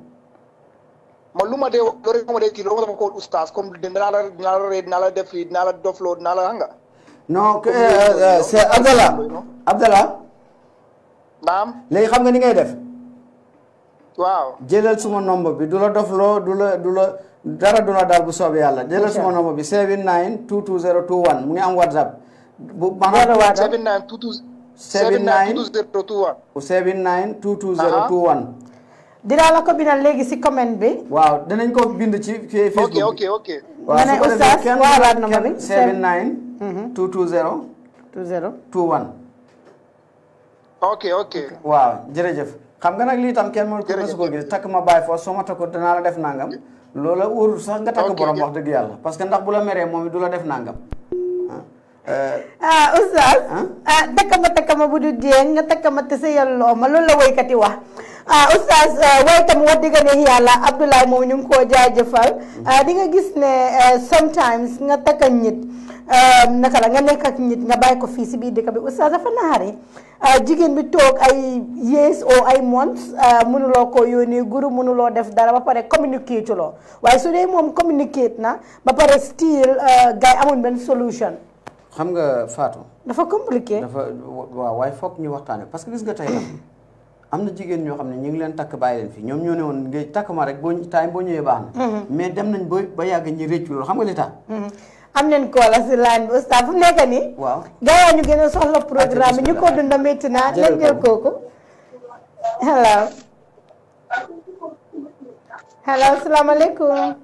man lu ma dee loolu rek ma dee kii loolu ma dama ko oustaz comme dinaa la dinaa la ree dinaa la def fii la dofloo dinaa la hanga non euh, euh, c'est Abdallah Abdallah xam nga ni ngay def waaw jëlal suma nombre bi du la dofloo du la du la dara du la daal bu soobee yàlla jëlal suma nombre bi seven nine two two zero two one mu ngi am whatsapp bu maanaam seven nine two seven nine two two zero two one dina la ko bindal legi si comment bi. waaw danañ ko bind ci Facebook bi. ok ok ok. waaw su ko defee kenn waalaat na ma bi 79. 220. 20. 21. ok ok. waaw jërëjëf. xam nga nag lii tam kenn mënu ko mësu ma bàyyi la def nangam. loola wóorul sax nga takk borom wax dëgg yàlla parce que ndax bu la def nangam. ah, euh, ah oustaz. ah, ah takkama takkama bu du nga takkama te sa yàlla ma loolu la woykat wax. ah oustaz ah, waaye tam wax dëgg yàlla Abdoulaye moom ñu ngi koo jaajëfal ah, di nga gis ne ah, sometimes nga takk ak nit naka la nga nekk ak nit nga bàyyi ko fii si biir dëkk bi oustaz dafa naxari jigéen bi toog ay years oo ay months mënuloo ko yónnee guru mënuloo def dara ba pare communicate loo waaye su dee moom communicate na ba pare still gars yi amul benn solution. xam nga Fatou. dafa compliqué. dafa waaw waaye foog ñu waxtaanee parce que gis nga tey. am na jigéen ñoo xam ne ñu ngi leen takk bàyyi leen fi ñoom ñoo ne woon ngay takk ma rek boo taay boo ñëwee baax na mm-hmm. mais dem nañ ba ba yàgg ñi réccu loolu xam nga li tax mm-hmm. am nañ koola si laan bi oustaz fu nekk nii waaw gaa yaa ñu gën a soxla programme bi ñu ko dunda métti naa lañ jël kooku hello hello salaamaaleykum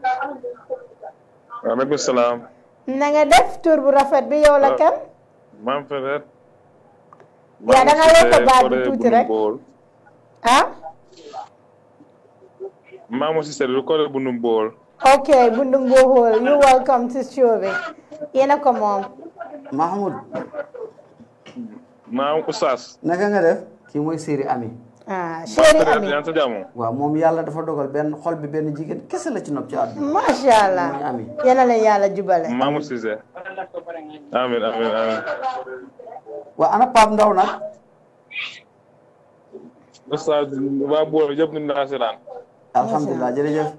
waaleykum salaam na nga def tur bu rafet bi yow la ah, kan maam Feret yaa da nga yokk baat bi tuuti rek ah. Mama sister recorder Bundung Bool. ok Bundung Bool you welcome to show bi ko moom. Mahmoud. naam Oustaz. naka nga def. kii mooy Seri Ami. ah Seri Ami waaw moom yàlla dafa dogal benn xol bi benn jigéen kese la ci nopp ci àdduna. macha allah Ami yéen a yàlla jubale. Mahmoud Cissé. amiin amiin amiin. waa ana Pape Ndaw nag. oustaz waa boor yëpp ñu naa seetaan alhamdulilah jërëjëf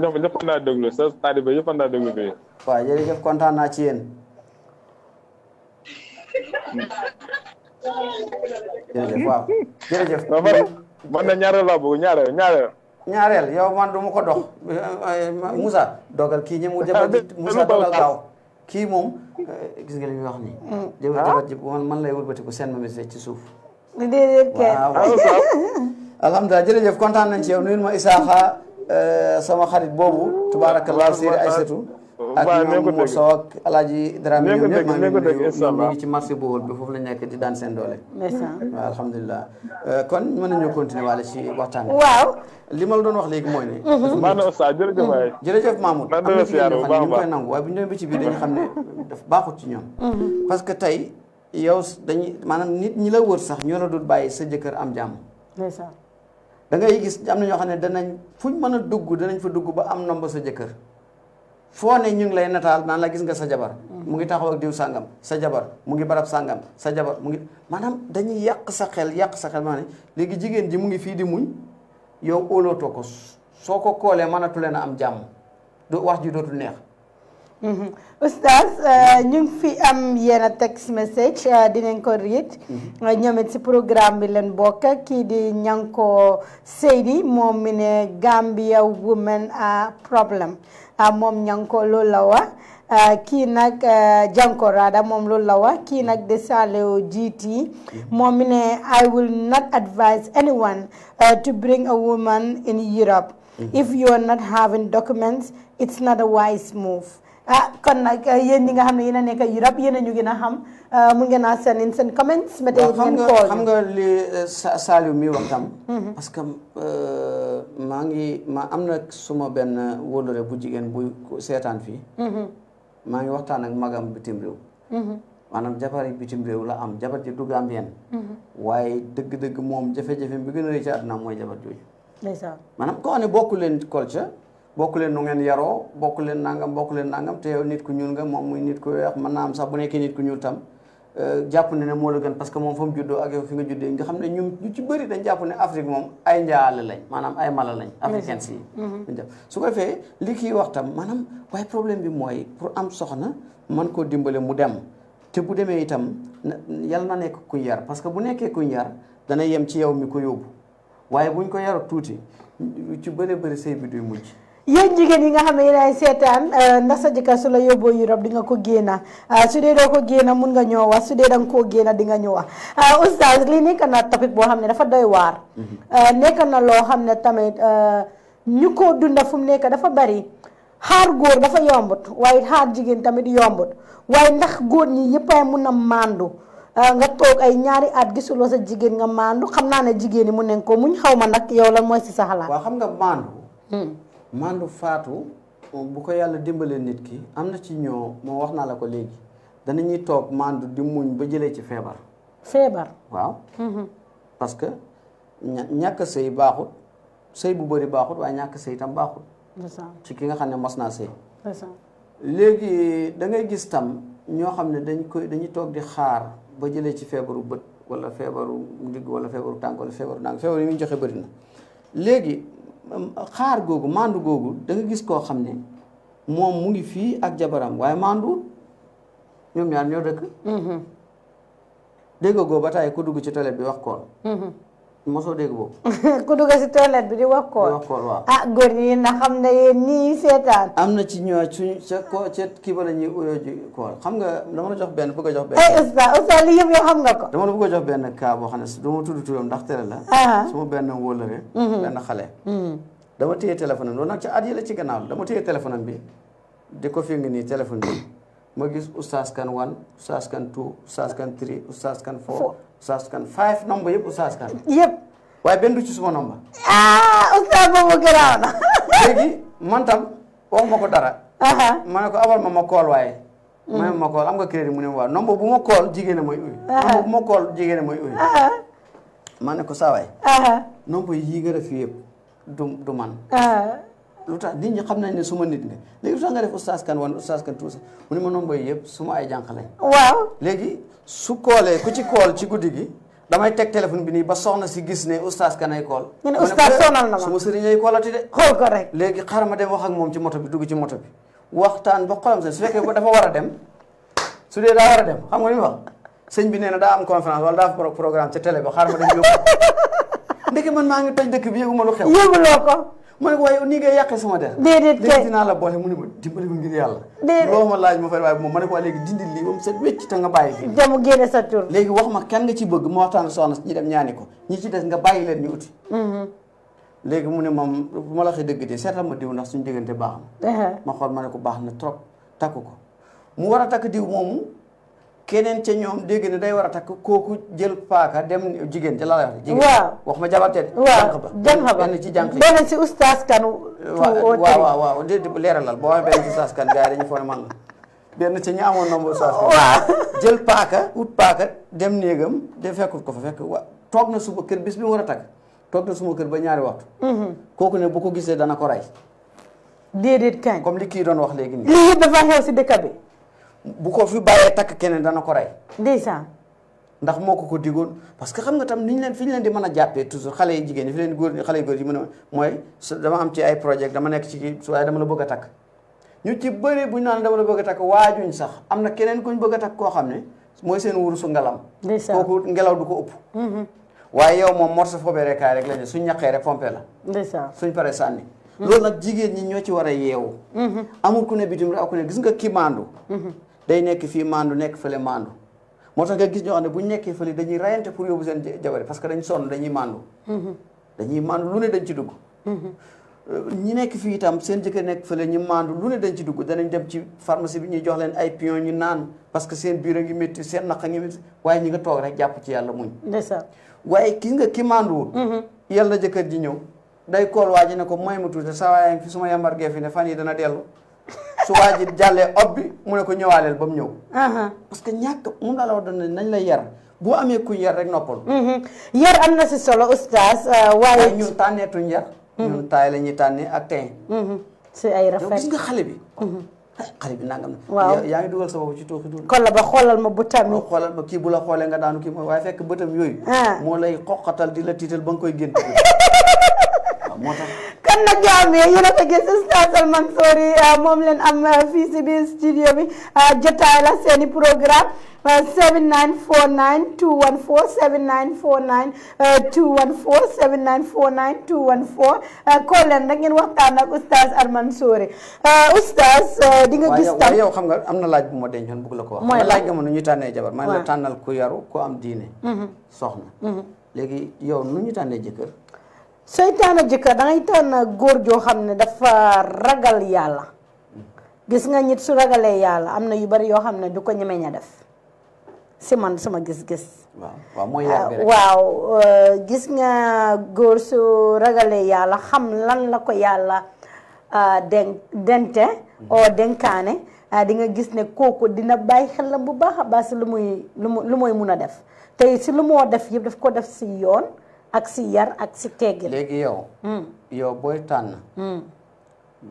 ñëpp ñëpp naa déglu sa taalibe yëpp naa déglu bi waaw jërëjëf kontaan naa ci yéen jërëjëf waaw jërëjëf man na ñaareel laa bëgg ñaareel ñaareel ñaareel man du ma ko dox Moussa dogal kii ñi mu ah, demal Moussa dogal gaaw kii moom eh, gis nga li ñuy wax nii. jabar jabar ji man man lay wëlbatiku seen ma message ci suuf. déedéet kenn waaw *laughs* alhamdulilah jërëjëf kontaan nañ ci yow nuyul ma Isaaxa eh, sama xarit boobu. tubaarakallah Seydi Aysatu ak ñoom Moussa ak El Hadj Dramé ñoom ñëpp maa ngi ñu ngi ci marché la euh, kon mën nañoo continuer waale ci waxtaan bi. waaw li ma doon wax léegi mooy ne. Mhm. maanaam Oustaz jërëjëf waay. Mhm. jërëjëf Mamoud am na fi ñu mhm. xam ne ñu koy nangu waaye ñu demee ci ñoom. parce que tey yow dañuy maanaam nit ñi la wër sax ñoo la bàyyi sa jëkkër am jàmm. da ngay gis am na ñoo xam ne danañ fuñ mën a dugg danañ fa dugg ba am nomba sa jëkkër fo ne ñu ngi lay natal nan la gis nga sa jabar mu ngi taxaw ak diw sangam sa jabar mu ngi barab yak sa jabar mu ngi manam dañuy yàq sa xel yàq sa xel maanaam léegi jigen ji mu ngi fi di muñ yow óolootoo toko soko ko koolee mënatu am jam, do wax ji dootul neex mm-hmm. oustaz euh, ñu fi am yena text message euh, dinañ ko riit mm-hmm. euh, ñoom ci program programme bi len bokk ki di Ñanko Seydi mom mine Gambia women a problem Uh, uh, hmm. de GT hmm. I will not advise anyone uh, to bring a woman in Europe hmm. if you are not having documents it's not a wise move ah kan nag eh, yéen ñi nga xam ne yéen a nekk Europe yéen a ñu gën a xam eh, mun ngeen a seen seen comments. ba tey ngeen xam nga li eh, Saliou mi wax mm-hmm. parce que maa ngi ma am na suma benn wóolore bu jigéen bu seetaan fii. Mm-hmm. maa ngi waxtaan ak magam bitim réew. Mm-hmm. maanaam jabari bitim réew la am jabar ji du Gambien. waaye dëgg-dëgg moom jafe-jafe bi gën a rëy ci àdduna mooy jabar jooju. maanaam koo xam ne bokku culture. bokk leen nu ngeen yaroo bokk leen nangam bokk leen nangam te yow nit ku ñuul nga moom muy nit ku weex mën naa am sax bu nekkee nit ku ñuul tam euh, jàpp ne ne moo la gën parce que moom fa mu juddoo ak yow fi nga juddee nga xam ne ñu ñu ci bëri dañ jàpp ne Afrique moom ay njaale lañ maanaam ay mala lañ africains yi mhm. su ko li kii wax tam maanaam waaye problème bi mooy pour am soxna man koo dimbale mu dem te bu demee itam yal na nekk kuñ yar parce que bu nekkee kuñ yar dana yem ci yow mi ko yóbbu waaye buñ ko yar tuuti ci bëri bëri sëy bi duy mujj yeen jigen yi nga xamé ne nasa ay seetaan euh, ndax sa su la Europe di nga ko génna euh, su dé do ko génna mën nga ñëw wax su dé dang ko génna di nga ñëw euh, oustaz li nekk na topic bo xamné dafa doy waar mm-hmm. nekk na lo xamné tamit ñuko dund fu nekk dafa bari xaar goor dafa yombut waye xaar jigéen tamit yombut waye ndax goor ñi yëpp ay mun a nga tok ay ñaari at sa jigen nga mandu xamna naa jigen yi mu nekk muñ xawma nak yow la moy si saxala wa xam nga mandu hmm. mandu faatu bu ko yàlla dimbalee nit ki am na ci ñoo moo wax naa la ko léegi dana danañuy toog mandu di muñ ba jëlee ci feebar feebar waaw mm-hmm. parce que ñàkk sëy baaxut sëy bu bëri baaxut waaye ñàkk sëy tam baaxut ci ki nga xam ne mos naa sëy léegi da ngay gis tam ñoo xam ne dañ koy dañuy toog di xaar ba jëlee ci feebaru bët wala feebaru ndigg wala feebaru tànk wala feebaru ndànk feebar yi muy joxe bëri na léegi xaar googu mandu googu danga gis koo xam ne moom mu ngi fii ak jabaram waaye mandu ñoom ñaar ñoo dëkk mm-hmm. dégg goo ba tey ku dugg ci toilette bi wax ko mm-hmm. mosoo dégg boobu. *laughs* ku dugg si toilette bi di wax kool. wax ah góor ñi na xam ne yéen nii seetaan. am na ci ñoo suñ ca ko ca kii ba la ñuy uyoo ji kool xam nga dama la jox benn bëgg a jox benn. ay oustaz oustaz li yëpp yoo xam nga ko. dama la bëgg a benn cas boo ne du ma ah. ma benn wóolare. Mhm. benn xale. Mhm. dama téye téléphone am loolu nag ca at yi la ci gannaaw dama téye téléphone am bi di ko fi ngi nii téléphone bi ma gis oustaz kan one oustaz kan two oustaz kan three oustaz kan four. Oustaz kan five number yëpp Oustaz Kane. yëpp. waaye benn du ci suma number. ah Oustaz boobu garaaw na. léegi ko ma abal ma ma kool waaye. Mm. ma ne ma kool am nga crédit mu ne waaw number bu ma kool jigéen mooy uy. number bu ma kool jigéen mooy ma ne ko saa waay. number yi nga def yëpp du du man. lu tax nit ñi xam nañ ne suma nit nga léegi lu tax nga def Oustaz Kane wan Oustaz mu ne ma number yëpp suma ay jànq lañ. waaw su koolee ku ci kool ci guddi gi damay teg téléphone bi nii ba soxna si gis ne oustaz kanay kool mu ne oustaz eh, sonal na ma su ma sëriñ koolati de xool ko rek léegi xaaral ma dem wax ak moom ci moto bi dugg ci moto bi waxtaan ba xolam seen su fekkee ba dafa war a dem su dee daa war a dem xam nga ni mu wax sëñ bi nee na daa am conférence wala daa am programme ca télé ba xaaral ma dem yóbbu *laughs* ndeke man maa ngi toj dëkk bi yëguma lu xew yëguloo ko ma ne ko waaye nii ngay yàqee sama der déedéet dinaa la boole mu ne ma dimbali ma ngir yàlla déedéet loo ma laaj ma fay waaye moom ma ne ko waaye léegi dindi lii moom sa wécc te nga bàyyi fi dem génne wax ma kan nga ci bëgg ma waxtaan soxna dem ñaani ko ñi ci des nga bàyyi leen ñu uti mm-hmm. léegi mu ne moom bu ma la waxee dëgg de seetal ma diw ndax suñ diggante baax na ma xool ma ne ko baax na trop takk ko mu war a takk diw moomu keneen ca ñoom dégg na day war a takk kooku jël paaka dem jigéen ca laa wax jigéen waaw wax ma jabarteen waaw jànq ba benn ci jànq yi benn si oustaz kan waaw waaw waaw dé leeralal boo waxee benn si oustaz kan gars yi dañu foog man la benn ca ñi amoon nombre oustaz kan waaw jël paaka ut paaka dem néegam de fekkut ko fa fekk wa toog na suma kër bis bi war a takk toog na ba ñaari waxtu mhm. kooku ne bu ko gisee dana ko rey déedéet kañ comme li kii doon wax léegi nii lii dafa xew si dëkk bi bu ko fi bàyyee takk keneen dana ko rey. ndeysaan. ndax moo ko ko digoon parce que xam nga tam ni ñu leen fi ñu leen di mën a jàppee toujours xale yi jigéen ñi fi leen góor xale yu góor a mooy dama am ci ay projet dama nekk la bëgg a takk ñu ci bëri bu ñu naan dama la bëgg a takk waajuñ sax am na keneen kuñ bëgg a takk koo xam ne mooy seen wurusu ngalam. ndeysaan kooku ngelaw du ko ëpp. Mm-hmm. waaye yow moom morso foobee rek kaay rek la ñu suñ ñaqee rek pompe la. ndeysaan suñ paree sànni. Mm-hmm. loolu nag jigéen ñi ñoo ci war a yeewu. Mm-hmm. amul day nekk fii maandu nekk fële maandu moo tax nga gis ñoo bu ñu nekkee fële dañuy rayante pour yóbbu seen jabar parce que dañ sonn dañuy maandu. Mm-hmm. dañuy maandu lu ne dañ ci dugg. Mm-hmm. Euh, ñi nekk fii itam seen jëkkër nekk fële ñu maandu lu ne dañ ci dugg danañ dem ci pharmacie bi ñuy jox leen ay pion ñu naan parce que seen biir a ngi métti seen naq a ngi métti waaye ñi nga toog rek jàpp ci yàlla muñ. ndeysaan waaye ki nga ki maanduwul. Mm-hmm. yàlla jëkkër ji ñëw day kool waa ji ne ko may mu tuuti saa waaye yi dana dellu su waa ji jàllee ob bi mu ne ko ñëwaaleel ba mu ñëw parce que ñàkk mun laa la wax doon nañ la yar boo amee ku yar rek noppal mhm. yar am na si solo oustaz euh, waaye ñun tànneetuñ yar mhm. ñun taay la ñuy tànnee ak tey mhm. si ay rafet gis nga xale bi eh, na waaw yaa ngi dugal sa bopp ci tooxi dul ba xoolal ma bëtam yi xoolal ma kii bu la xoolee nga daanu kii mooy waaye fekk bëtam yooyu ah. moo lay xoqatal di la tiital ba nga koy génn *laughs* moo tax kon nag jaam yéen a ko gis Oustaz Al ah, moom leen am ah, fii si biir studio bi ah, jotaay la seeni programme 7949 214 7949 214 7949 214 call leen rek ngeen waxtaan ak Oustaz Al Mansouri Oustaz di nga gis tam yow xam nga am na laaj bu ma dencoon bëgg la ko wax mooy laaj nga ma nu ñu tànnee jabar man la tànnal ku yaru ko am diine mm-hmm. soxna mm-hmm. léegi yow nu ñu jëkkër seytaane jëkkër da ngay tànn góor joo xam ne dafa ragal yàlla gis nga nit su ragalee yàlla am na yu bari yoo xam ne du ko ñemee a def si man suma gis-gis waaw ah, euh, gis nga góor su ragalee yàlla xam lan la ko yàlla den euh, dente oo denkaane ah, di nga gis ne kooku dina bàyyi xel la bu baax a baax si lu muy lu muy mun a def te si lu moo def yëpp daf ko def si yoon ak si yar ak si teggin. léegi yow. Hmm. yow booy tànn. Hmm.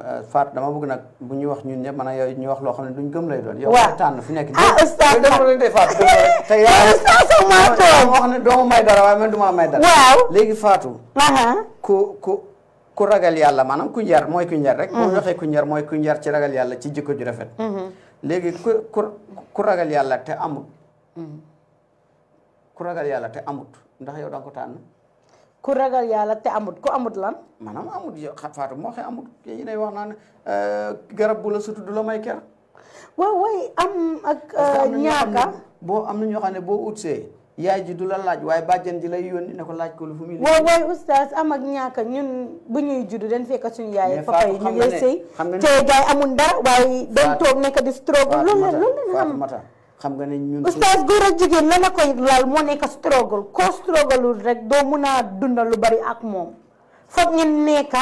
Euh, Faat dama bëgg nag bu ñuy wax ñun ñëpp man yow ñu wax loo xam ne duñ gëm lay doon. yow booy tànn fi nekk. ah ustaas dama te *laughs* ah, wax ne doomu may dara waaye man du ma may dara. waaw léegi Fatou. ku ku ragal yàlla maanaam ku jaar mooy ku njar rek. Hmm. ku njar mooy ku njar ci ragal yàlla ci jikko ju rafet. léegi ku ku ragal yàlla te amut. ku ragal yàlla te amut ndax yow da nga ko tànn. ku ragal yàlla te amut ku amut lan. maanaam amut yow Fatou moo xee amut yéen ñay wax naan euh, garab bu la sutu du la may ker. waaw waay am ak. Euh, ñaaka boo am na ñoo xam ne boo ut see yaay ji du la laaj waaye bàjjen ji lay yónni ne ko laaj ko lu fu muy. waaw waay oustaz am ak ñaaka ñun bu ñuy juddu den fekk suñu yaay. papa yi ñu ngi sëy te amul dara waaye dañ toog nekk di stroke. loolu la loolu lu xam xam nga ne ñun. oustaz góor jigéen la la koy lal moo nekk struggle koo struggle rek doo mën a dundal lu bari ak moom foog ngeen nekka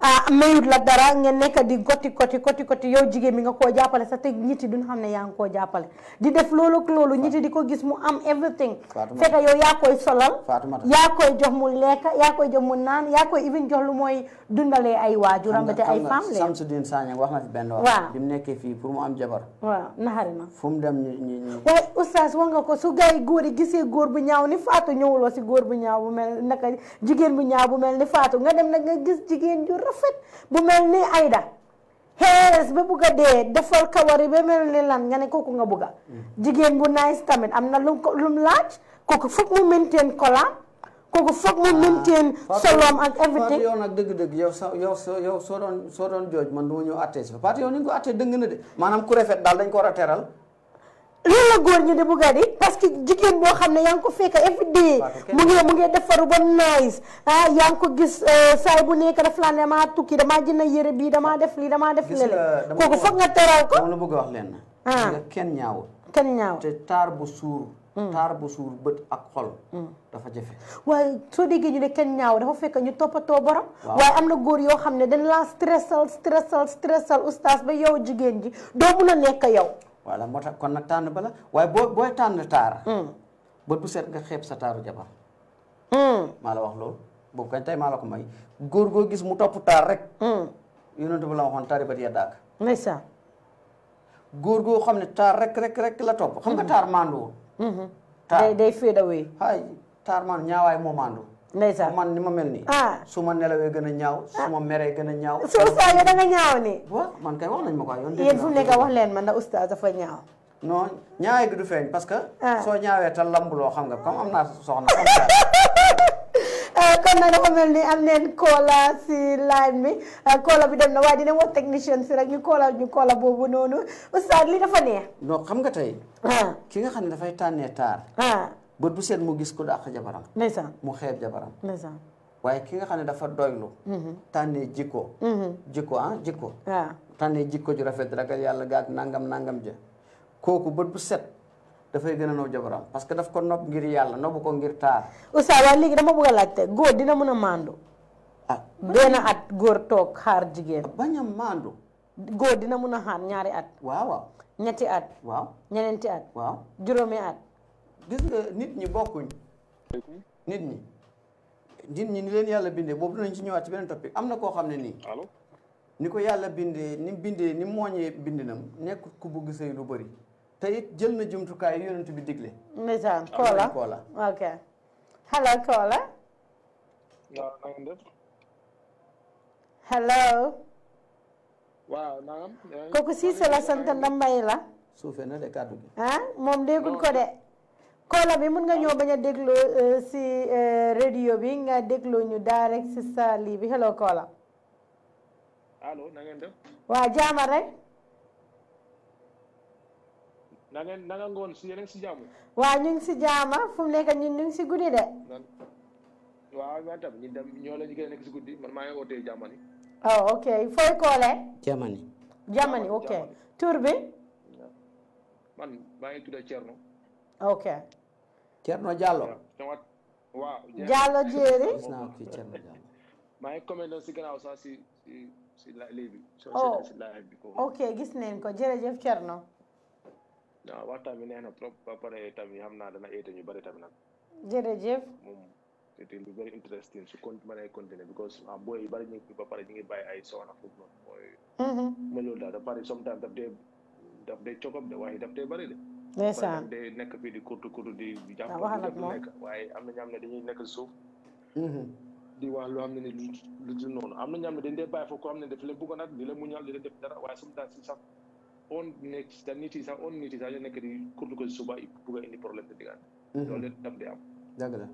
ah mayut la dara ngeen nekk di goti goti goti goti yow jigéen mi nga koo jàppale sax te ñiti duñ xam ne yaa ngi koo jàppale di def loolu ak di ko gis mu am everything fekk yow yaa koy solal yaa koy jox mu lekk yaa koy jox mu naan yaa koy even jox lu mooy dundalee ay waajuram te na fi benn wax waaw bi mu nekkee fii pour mu am jabar waaw naxari na fu mu dem ñu waaye oustaz wax nga ko su gars yi góor gisee góor bu ñaaw ni faatu ñëwuloo si góor bu ñaaw bu mel naka jigéen bu ñaaw bu mel ni faatu nga dem nag nga gis jigéen jur rafet bu mel ni ayda xees ba bugg a dee defal kawari ba mel ni lan nga ne ko kooku nga bugga jigéen bu nice tamit am na lu mu laaj kooku foog mu maintain kola kooku foog mu ah, maintain solom ak everything yow nag dëgg-dëgg yow sa yow so yow soo doon soo doon jooj man du ma ñëw attee si fa parti yow ni nga ko attee dëgg na de maanaam ku rafet daal dañ ko war teral loolu la góor ñi di bugga di parce que jigéen boo xam ne yaa ngi ko fekk every day mu ngi mu ngi defaru ba nice ah yaa ngi ko gis euh, saay bu nekk def laa ne damaa tukki damaa jënd yére bii damaa def lii damaa def lële kooku foog nga teral ko dama la bëgg a wax leen ah. kenn ñaawul kenn ñaawul te taar bu suur mm. taar bu suur bët ak xol mm. dafa jafe waaye soo déggee ñu ne kenn ñaaw dafa fekk ñu toppatoo borom waaye am na góor yoo xam ne dañ laa stressal stressal stressal oustaz ba yow jigéen ji doo mun a nekk yow voilà moo tax kon nag tànn bala waaye boo booy tànn taar. Hmm. bët bu set nga xeeb sa taaru jabar. Hmm. maa la wax loolu boobu kañ tey maa la ko may góor goo gis mu topp taar rek. Hmm. yonent bi la waxoon taari bët ya dàgg. ndeysaan. góor goo xam ne taar rek rek la topp. xam nga taar maandu. taar day day féedawee. ay taar maandu ñaawaay moo maandu. ndeysaan man ni ma mel nii. ah su ma nelawee gën a ñaaw. su ah. ma meree gën a ñaaw. su ustaas yow da nga ñaaw nii. waaw man kay wax nañ ma ko yoon. yéen fu mu nekk leen man na ustaas dafa ñaaw. non ñaawee gi du parce que. Ah. soo ñaawee te lambuloo xam nga comme am naa soxna. *laughs* Ah, kon nag dafa mel ni am neen koola si line bi koola bi dem na waaye dina wax technicien si rek ñu koola ñu koola boobu noonu ustaas li dafa neex. non xam nga tey. ki nga xam ne dafay tànnee taar. bët bu seen mu gis ko dàq jabaram ndaysan mu xeeb jabaram ndaysan waye ki nga xam dafa doylu mm-hmm. tané jikko mm-hmm. jikko ah jikko waaw tànnee jikko ju rafet rek yàlla gaag nangam nangam je koku bët bu set da fay gëna no jabaram parce que daf ko nopp ngir yàlla nopp ko ngir taar wa dama bëgg dina mëna mando ah. at góor tok xaar mandu. Ah, baña mando maandu dina mëna xaar ñaari at waaw waaw ñetti at waaw ñenenti at waaw juróomi at gis nga nit ñi bokkuñ. nit ñi. nit ñi ni leen yàlla bindee boobu dinañ ci ñëwaat ci beneen topic am na koo xam ne nii. ni ko yàlla bindee ni bindee ni mooñee bindinam nekkut ku bëgg sëy lu bari te it jël na jumtukaay yonent bi digle. ndeysaan koola koola ok koola. waaw na ngeen def. hello. waaw kooku Cissé la sant Ndambay la. suufee na de kàddu gi. ah moom dégguñ ko de. koola bi mun nga ñëw bañ a déglu euh, si euh, radio bi nga déglu ñu direct si sa lii hello koola. na ngeen def. waa jaama rek. na ngeen na nga si yéen a ngi si jaamu. waa ñu ngi si jaama fu mu nekk ñun ñu si guddi de. waaw man tam ñu dem si guddi man maa ngi wootee Jamani. oh ok fooy koole. Jamani. Jamani ok tur man maa ngi tudd Thierno. ok. Thierno Diallo. waaw Diallo Diéré. gis naa ko ci Thierno Diallo. maa ngi commenté si gannaaw sax si si si oh, live bi. oh ok gis nañ ko jërëjëf Thierno. waaw waxtaan bi neex na trop ba pare tamit xam naa dana eete ñu bari tamit nag. jërëjëf. moom c'était lu very interesting su kon mën ay continuer because ah booy yu bari ñu ba pare ñu ngi bàyyi ay soxna foofu noonu mooy. ma loolu daal da pare sometimes daf dee daf dee cokop de waaye daf dee bari de. ndeysaan de nekk bi di kurtu kurtu di jàpp di nekk waaye am na ñoo xam ne dañuy nekk suuf mm-hmm. di wax lu am ne ne lu lu dul noonu am na ñoo ne dañ dee ko xam ne daf leen bëggoon nag di leen muñal di leen def dara waaye sometimes si sax on nekk da nit yi sax on nit yi sax ñu nekk di kurtu ko suba bëgg a indi problème de diggante mm-hmm. loolu daf di am dëgg la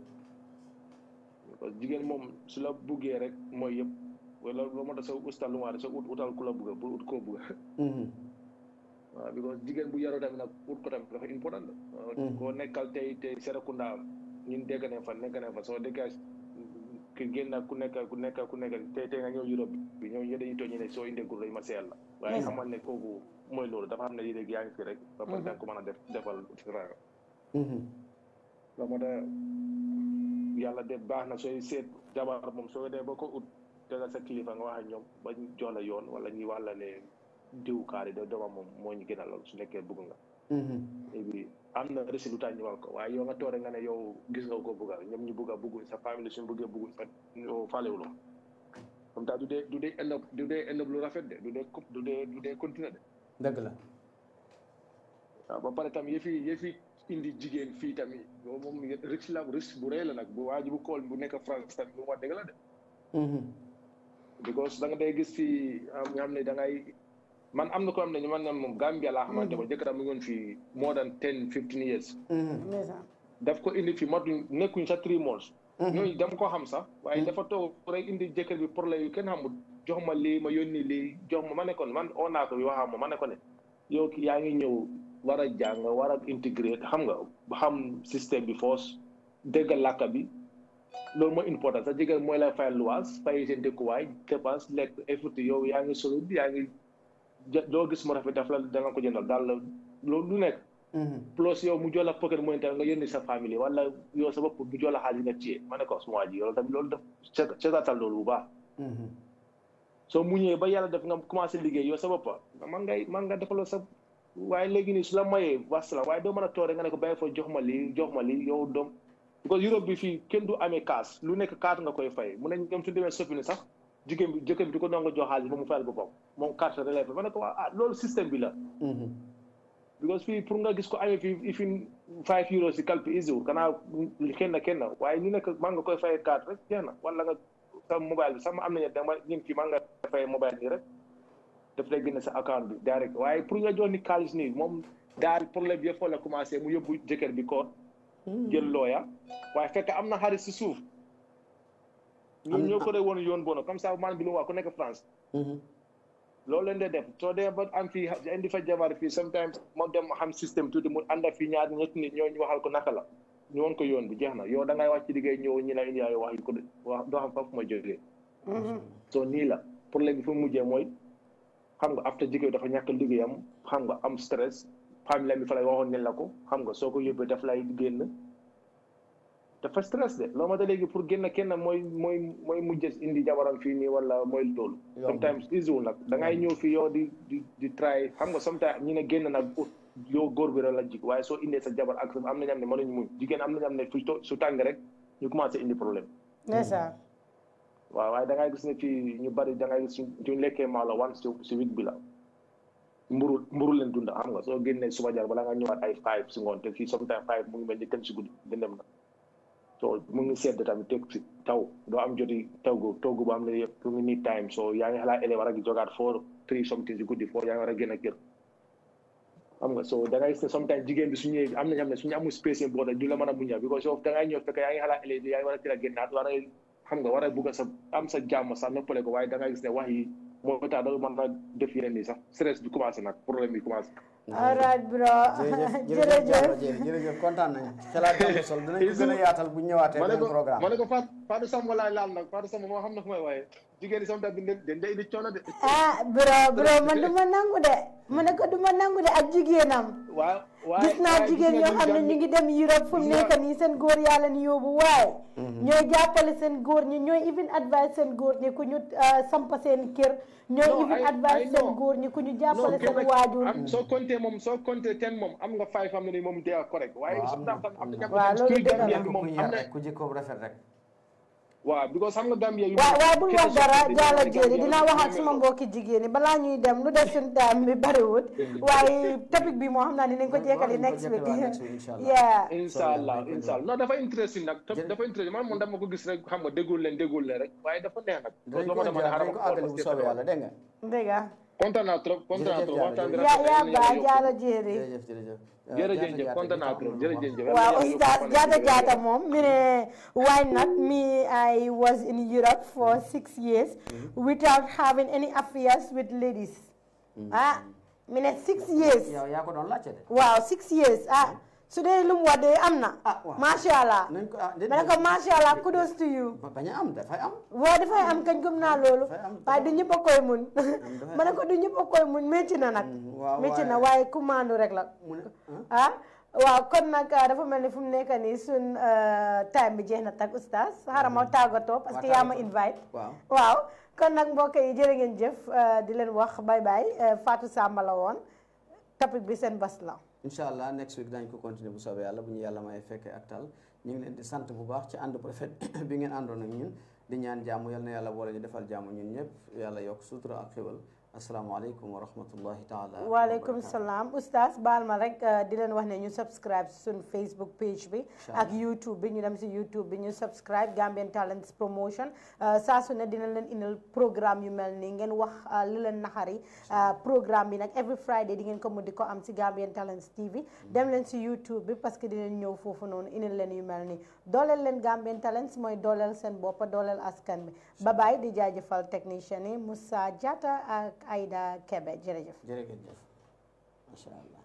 jigéen moom su la buggee rek mooy yëpp wala loo ma tax sa ustal lu ma sa ut utal ku la bugga bu bugga mm-hmm. waaw because jigéen bu yaroo tamit nag ut ko tamit dafa important mm-hmm. koo nekkal tey tey Serekunda ñun dégg nañ fa nekk nañ fa soo déggee ki génn ku nekk ku nekk ku nekk tey tey nga ñëw Europe ne soo indee groupe ma seel la mm-hmm. waaye xamal ne kooku mooy loolu dafa xam ne yéeg yaa ngi fi rek mm-hmm. ba pare danga ko mën a def defal teraanga la moo tax de baax na sooy seet jabar moom soo demee ba ko ut te sa kilifa nga wax ak ñoom ba jox yoon wala ñuy wax ne diw kaari do doomam moom moo ñu gënal lool su nekkee bugg nga et puis am na rësi lu tax ñëwal ko waaye yow nga toore nga ne yow gis nga ko buggal ñoom ñu bugga bugguñ sa famille suñu buggee bugguñ sa faalewulu comme taa du dee du dee end du dee end lu rafet de du dee du dee du dee continué de dëgg la waaw ah, ba pare tam yëfi yëfi indi jigéen fii tamit loolu moom risque la risque bu rëy la nag bu waaji bu kool bu nekk france tam lu ma dëgg la de mm-hmm. because da nga day gis fi nga xam ne da ngay man am na ko am nañu man na Gambia laa xamante mm. ba jëkkëram mu ngi woon fii more than ten fifteen years mm. daf ko indi fi matuñ nekkuñ sa three months mm-hmm. ñooñu dama ko xam sax waaye mm-hmm. dafa toog rek indi jëkkër bi problème yu kenn xamul jox ma lii ma yónni lii jox ma ma nekkoon man oo naa ko bi waxaa ma ma nekkoon ne yow yaa ngi ñëw war a jàng war a intégré xam nga xam système bi force dégg làkk bi loolu mooy important sa jigéen mooy la fay luwaas fay seen dëkkuwaay dépense lekk everything yow yaa ngi solo yaa ngi doo gis mu rafet daf la danga ko jëndal daal la loolu lu nekk mm-hmm. plus yow mu jola pocket mooy tamit nga yónni sa famille wala yow sa bopp mu jola xaalis nga ciyee ma ne ko suma ji yoo tamit loolu daf seetaatal loolu bu baax mm-hmm. soo mu ñëwee ba yàlla def nga commencé liggéey yow sa boppa man ngay man nga defaloo sa waaye léegi nii su la mayee wasala waaye doo mën a toore nga ne ko bàyyi fa jox ma li jox ma yow doom parce que Europe bi fii kenn du amee kaas lu nekk kaat nga koy fay mu ne ñoom su demee soppi sax jigéen bi jëkkër bi di ko nangu jox xaalis ba mu fayal boppam moom carte relève ma ne ko waa ah, ah, loolu système bi la mm-hmm. because fii pour nga gis ko amee fii ifin five euros si kalpi kanaa kenn kenn waaye ñu nekk maa nga koy fay carte rek jeex na wala nga sa mobile bi sama am nañu dama ñun fii maa nga fay mobile bi rek daf lay génne sa account bi direct waaye pour nga jox ni xaalis nii moom daal problème yëpp la commencé mu yóbbu jëkkër bi ko mm-hmm. jël looya waaye fekk am na xaalis si suuf ñun ñoo ko dee woon yoon bono comme ça man bi lu waa ku nekk France mm-hmm. loolu leen de def soo dee ba am fii indi fa jabar fii sometimes moom dem xam système tuuti mu ànd ak fii ñaar ñetti nit ñoo ñu waxal ko naka la ñu woon ko yoon bi jeex na yow da ngay wàcc liggéey ñëw ñu la indi ay wax yu ko wax doo xam fa fu ma jógee mm-hmm. soo nii la problème bi fu mujjee mooy xam nga after jigéen dafa ñàkk liggéeyam xam nga am stress famille mi fa lay waxoon ne la ko xam nga soo ko yóbbee daf lay génn dafa stress de loo ma da léegi pour génn kenn mooy mooy mooy mujjës indi jabaram fii nii wala mooy loolu sometimes easiwul nag da ngay ñëw fii yow di di di try xam nga sometimes ñi ne génn nag ut yow góor bi rek la jik waaye soo indee sa jabar ak am nañu am ne mënuñu muñ jigéen am nañu am ne fu su tàng rek ñu commencé indi problème ndeysaan mm. waaw waaye da gis ne fii ñu bari da ngay gis suñ lekkee maalo wan si si week bi la mburu mburu leen dunda xam nga soo génnee suba jar bala nga ñëwaat ay five si ngoon te fii sometimes five mu ngi mel ni ten si guddi dëndem na soo mu ngi sedd tamit teg taw doo am joti tawgu tawgu bu am ne yëpp mu ngi nii time soo yaa ngi xalaat élève war a jogaat foo tri something si guddi foo yaa ngi a gën a kër xam nga so da ngay gis ne bi su ñëwee am na ñoo xam su ñu amul space boo da du la mën a because of da ngay ñëw fekk yaa ngi xalaat élève yaa a teel a génnaat xam nga war a bugg am sa jàmm sax noppale ko waaye da ngay gis ne wax yi moo tax da mën a def yeneen nii sax stress bi commencé nag problème bi commencé alright bro *laughs* jërëjëf jërëjëf kontaan nañ xalaat dama sol dinañ ko gën a yaatal bu ñëwaatee beneen programme ma ne ko Fatou Fatou Samb walaay laal nag Fatou Samb moo xam na fu may waaye jigéen ñi sama bi den day indi coono de ah bro bro man du ma nangu de ma ne ko du ma nangu de ak jigéenam waaw waaye gis naa jigéen ñoo xam ne ñu ngi dem Europe fu mu nekk nii seen góor yàlla ni yóbbu waaye mhm. ñooy jàppale seen góor ñi ñooy even advice seen góor ñi ku ñu ah, samp seen kër ñooy even advice seen góor ñi ku ñu jàppale seen waajur compter mom so compter ten mom, am nga 5 am na mom dé correct waaye sometimes tam am na ko ci gambia dëgg am na ku jikkoom rafet rek wa because am nga Gambia yu wa bu bul wax dara jala jéeri dina wax ak suma mbokki jigéen ñi ñuy dem lu def sun dam bi wut waye topic bi mo xam na ni ñu ko jekkali next week yeah inshallah allah insha allah dafa interesting nag dafa interesting man mo dama ko gis rek xam nga déggul leen déggul leen rek waye dafa neex nak do ma dama dara ko àggali bu soobee yàlla nga nga kontaan naa trop kontaan naa trop waxtaan bi rafet na yéen a jaara jéere jërëjëf jërëjëf jërëjëf jërëjëf kontaan naa trop jërëjëf waaw oustaz jaata jaata moom mi ne why not me I was in Europe for six years without having any affairs with ladies ah mi ne six years yow yaa ko doon laajte de waaw six years ah su dee lu mu waddee am na. ah waaw macha allah. nañ ah, ma ne ko macha allah kudos to you. bañ a am dafay am. waaw dafay am kañ gëm naa loolu. waaye du ñëpp koy muñ. *laughs* ma ne ko du ñëpp a koy muñ métti na nag. Mm, waaw na waaye ku maandu rek la. Ah? ah waaw kon nag ah, dafa mel ni fu mu nekk nii suñ time bi jeex na tak oustaz mm. xaaral ma tàggatoo parce que yaa ma invite. waaw kon nag mbokk yi jërë ngeen jëf di leen wax bye bye faatu Samba la woon topic bi seen bas la. incha allah next week daañu ko continuer bu soobee yàlla bu ñu yàlla may fekke ak tal ngi leen di sant bu baax ci ànd bu rafet *coughs* bi ngeen àndoon ak ñun di ñaan jàmm yal na yàlla boole ñu defal jàmm ñun ñëpp yàlla yokk sutura a xéwal Assalamualaikum warahmatullahi taala Waalaikumsalam, salaam oustaz rek eh, di leen wax ne ñu subscribe suñ facebook page bi ak youtube bi ñu dem si youtube bi ñu subscribe Gambian Talents Promotion eh, saa su ne dina leen indil programme yu mel nii ngeen wax eh, li leen naxari programme bi nag every friday di ngeen ko mudi ko am si Gambian Talents TV mm-hmm. dem leen si youtube bi parce que dinañ ñëw foofu noonu indil leen yu mel nii dooleel Gambian Talents moy dooleel sen bopp dooleel askan bi Bye bye di jaajëfal technicien yi Moussa Diatta ak Aïda Kébé jërëjëf. jërëjëf macha allah.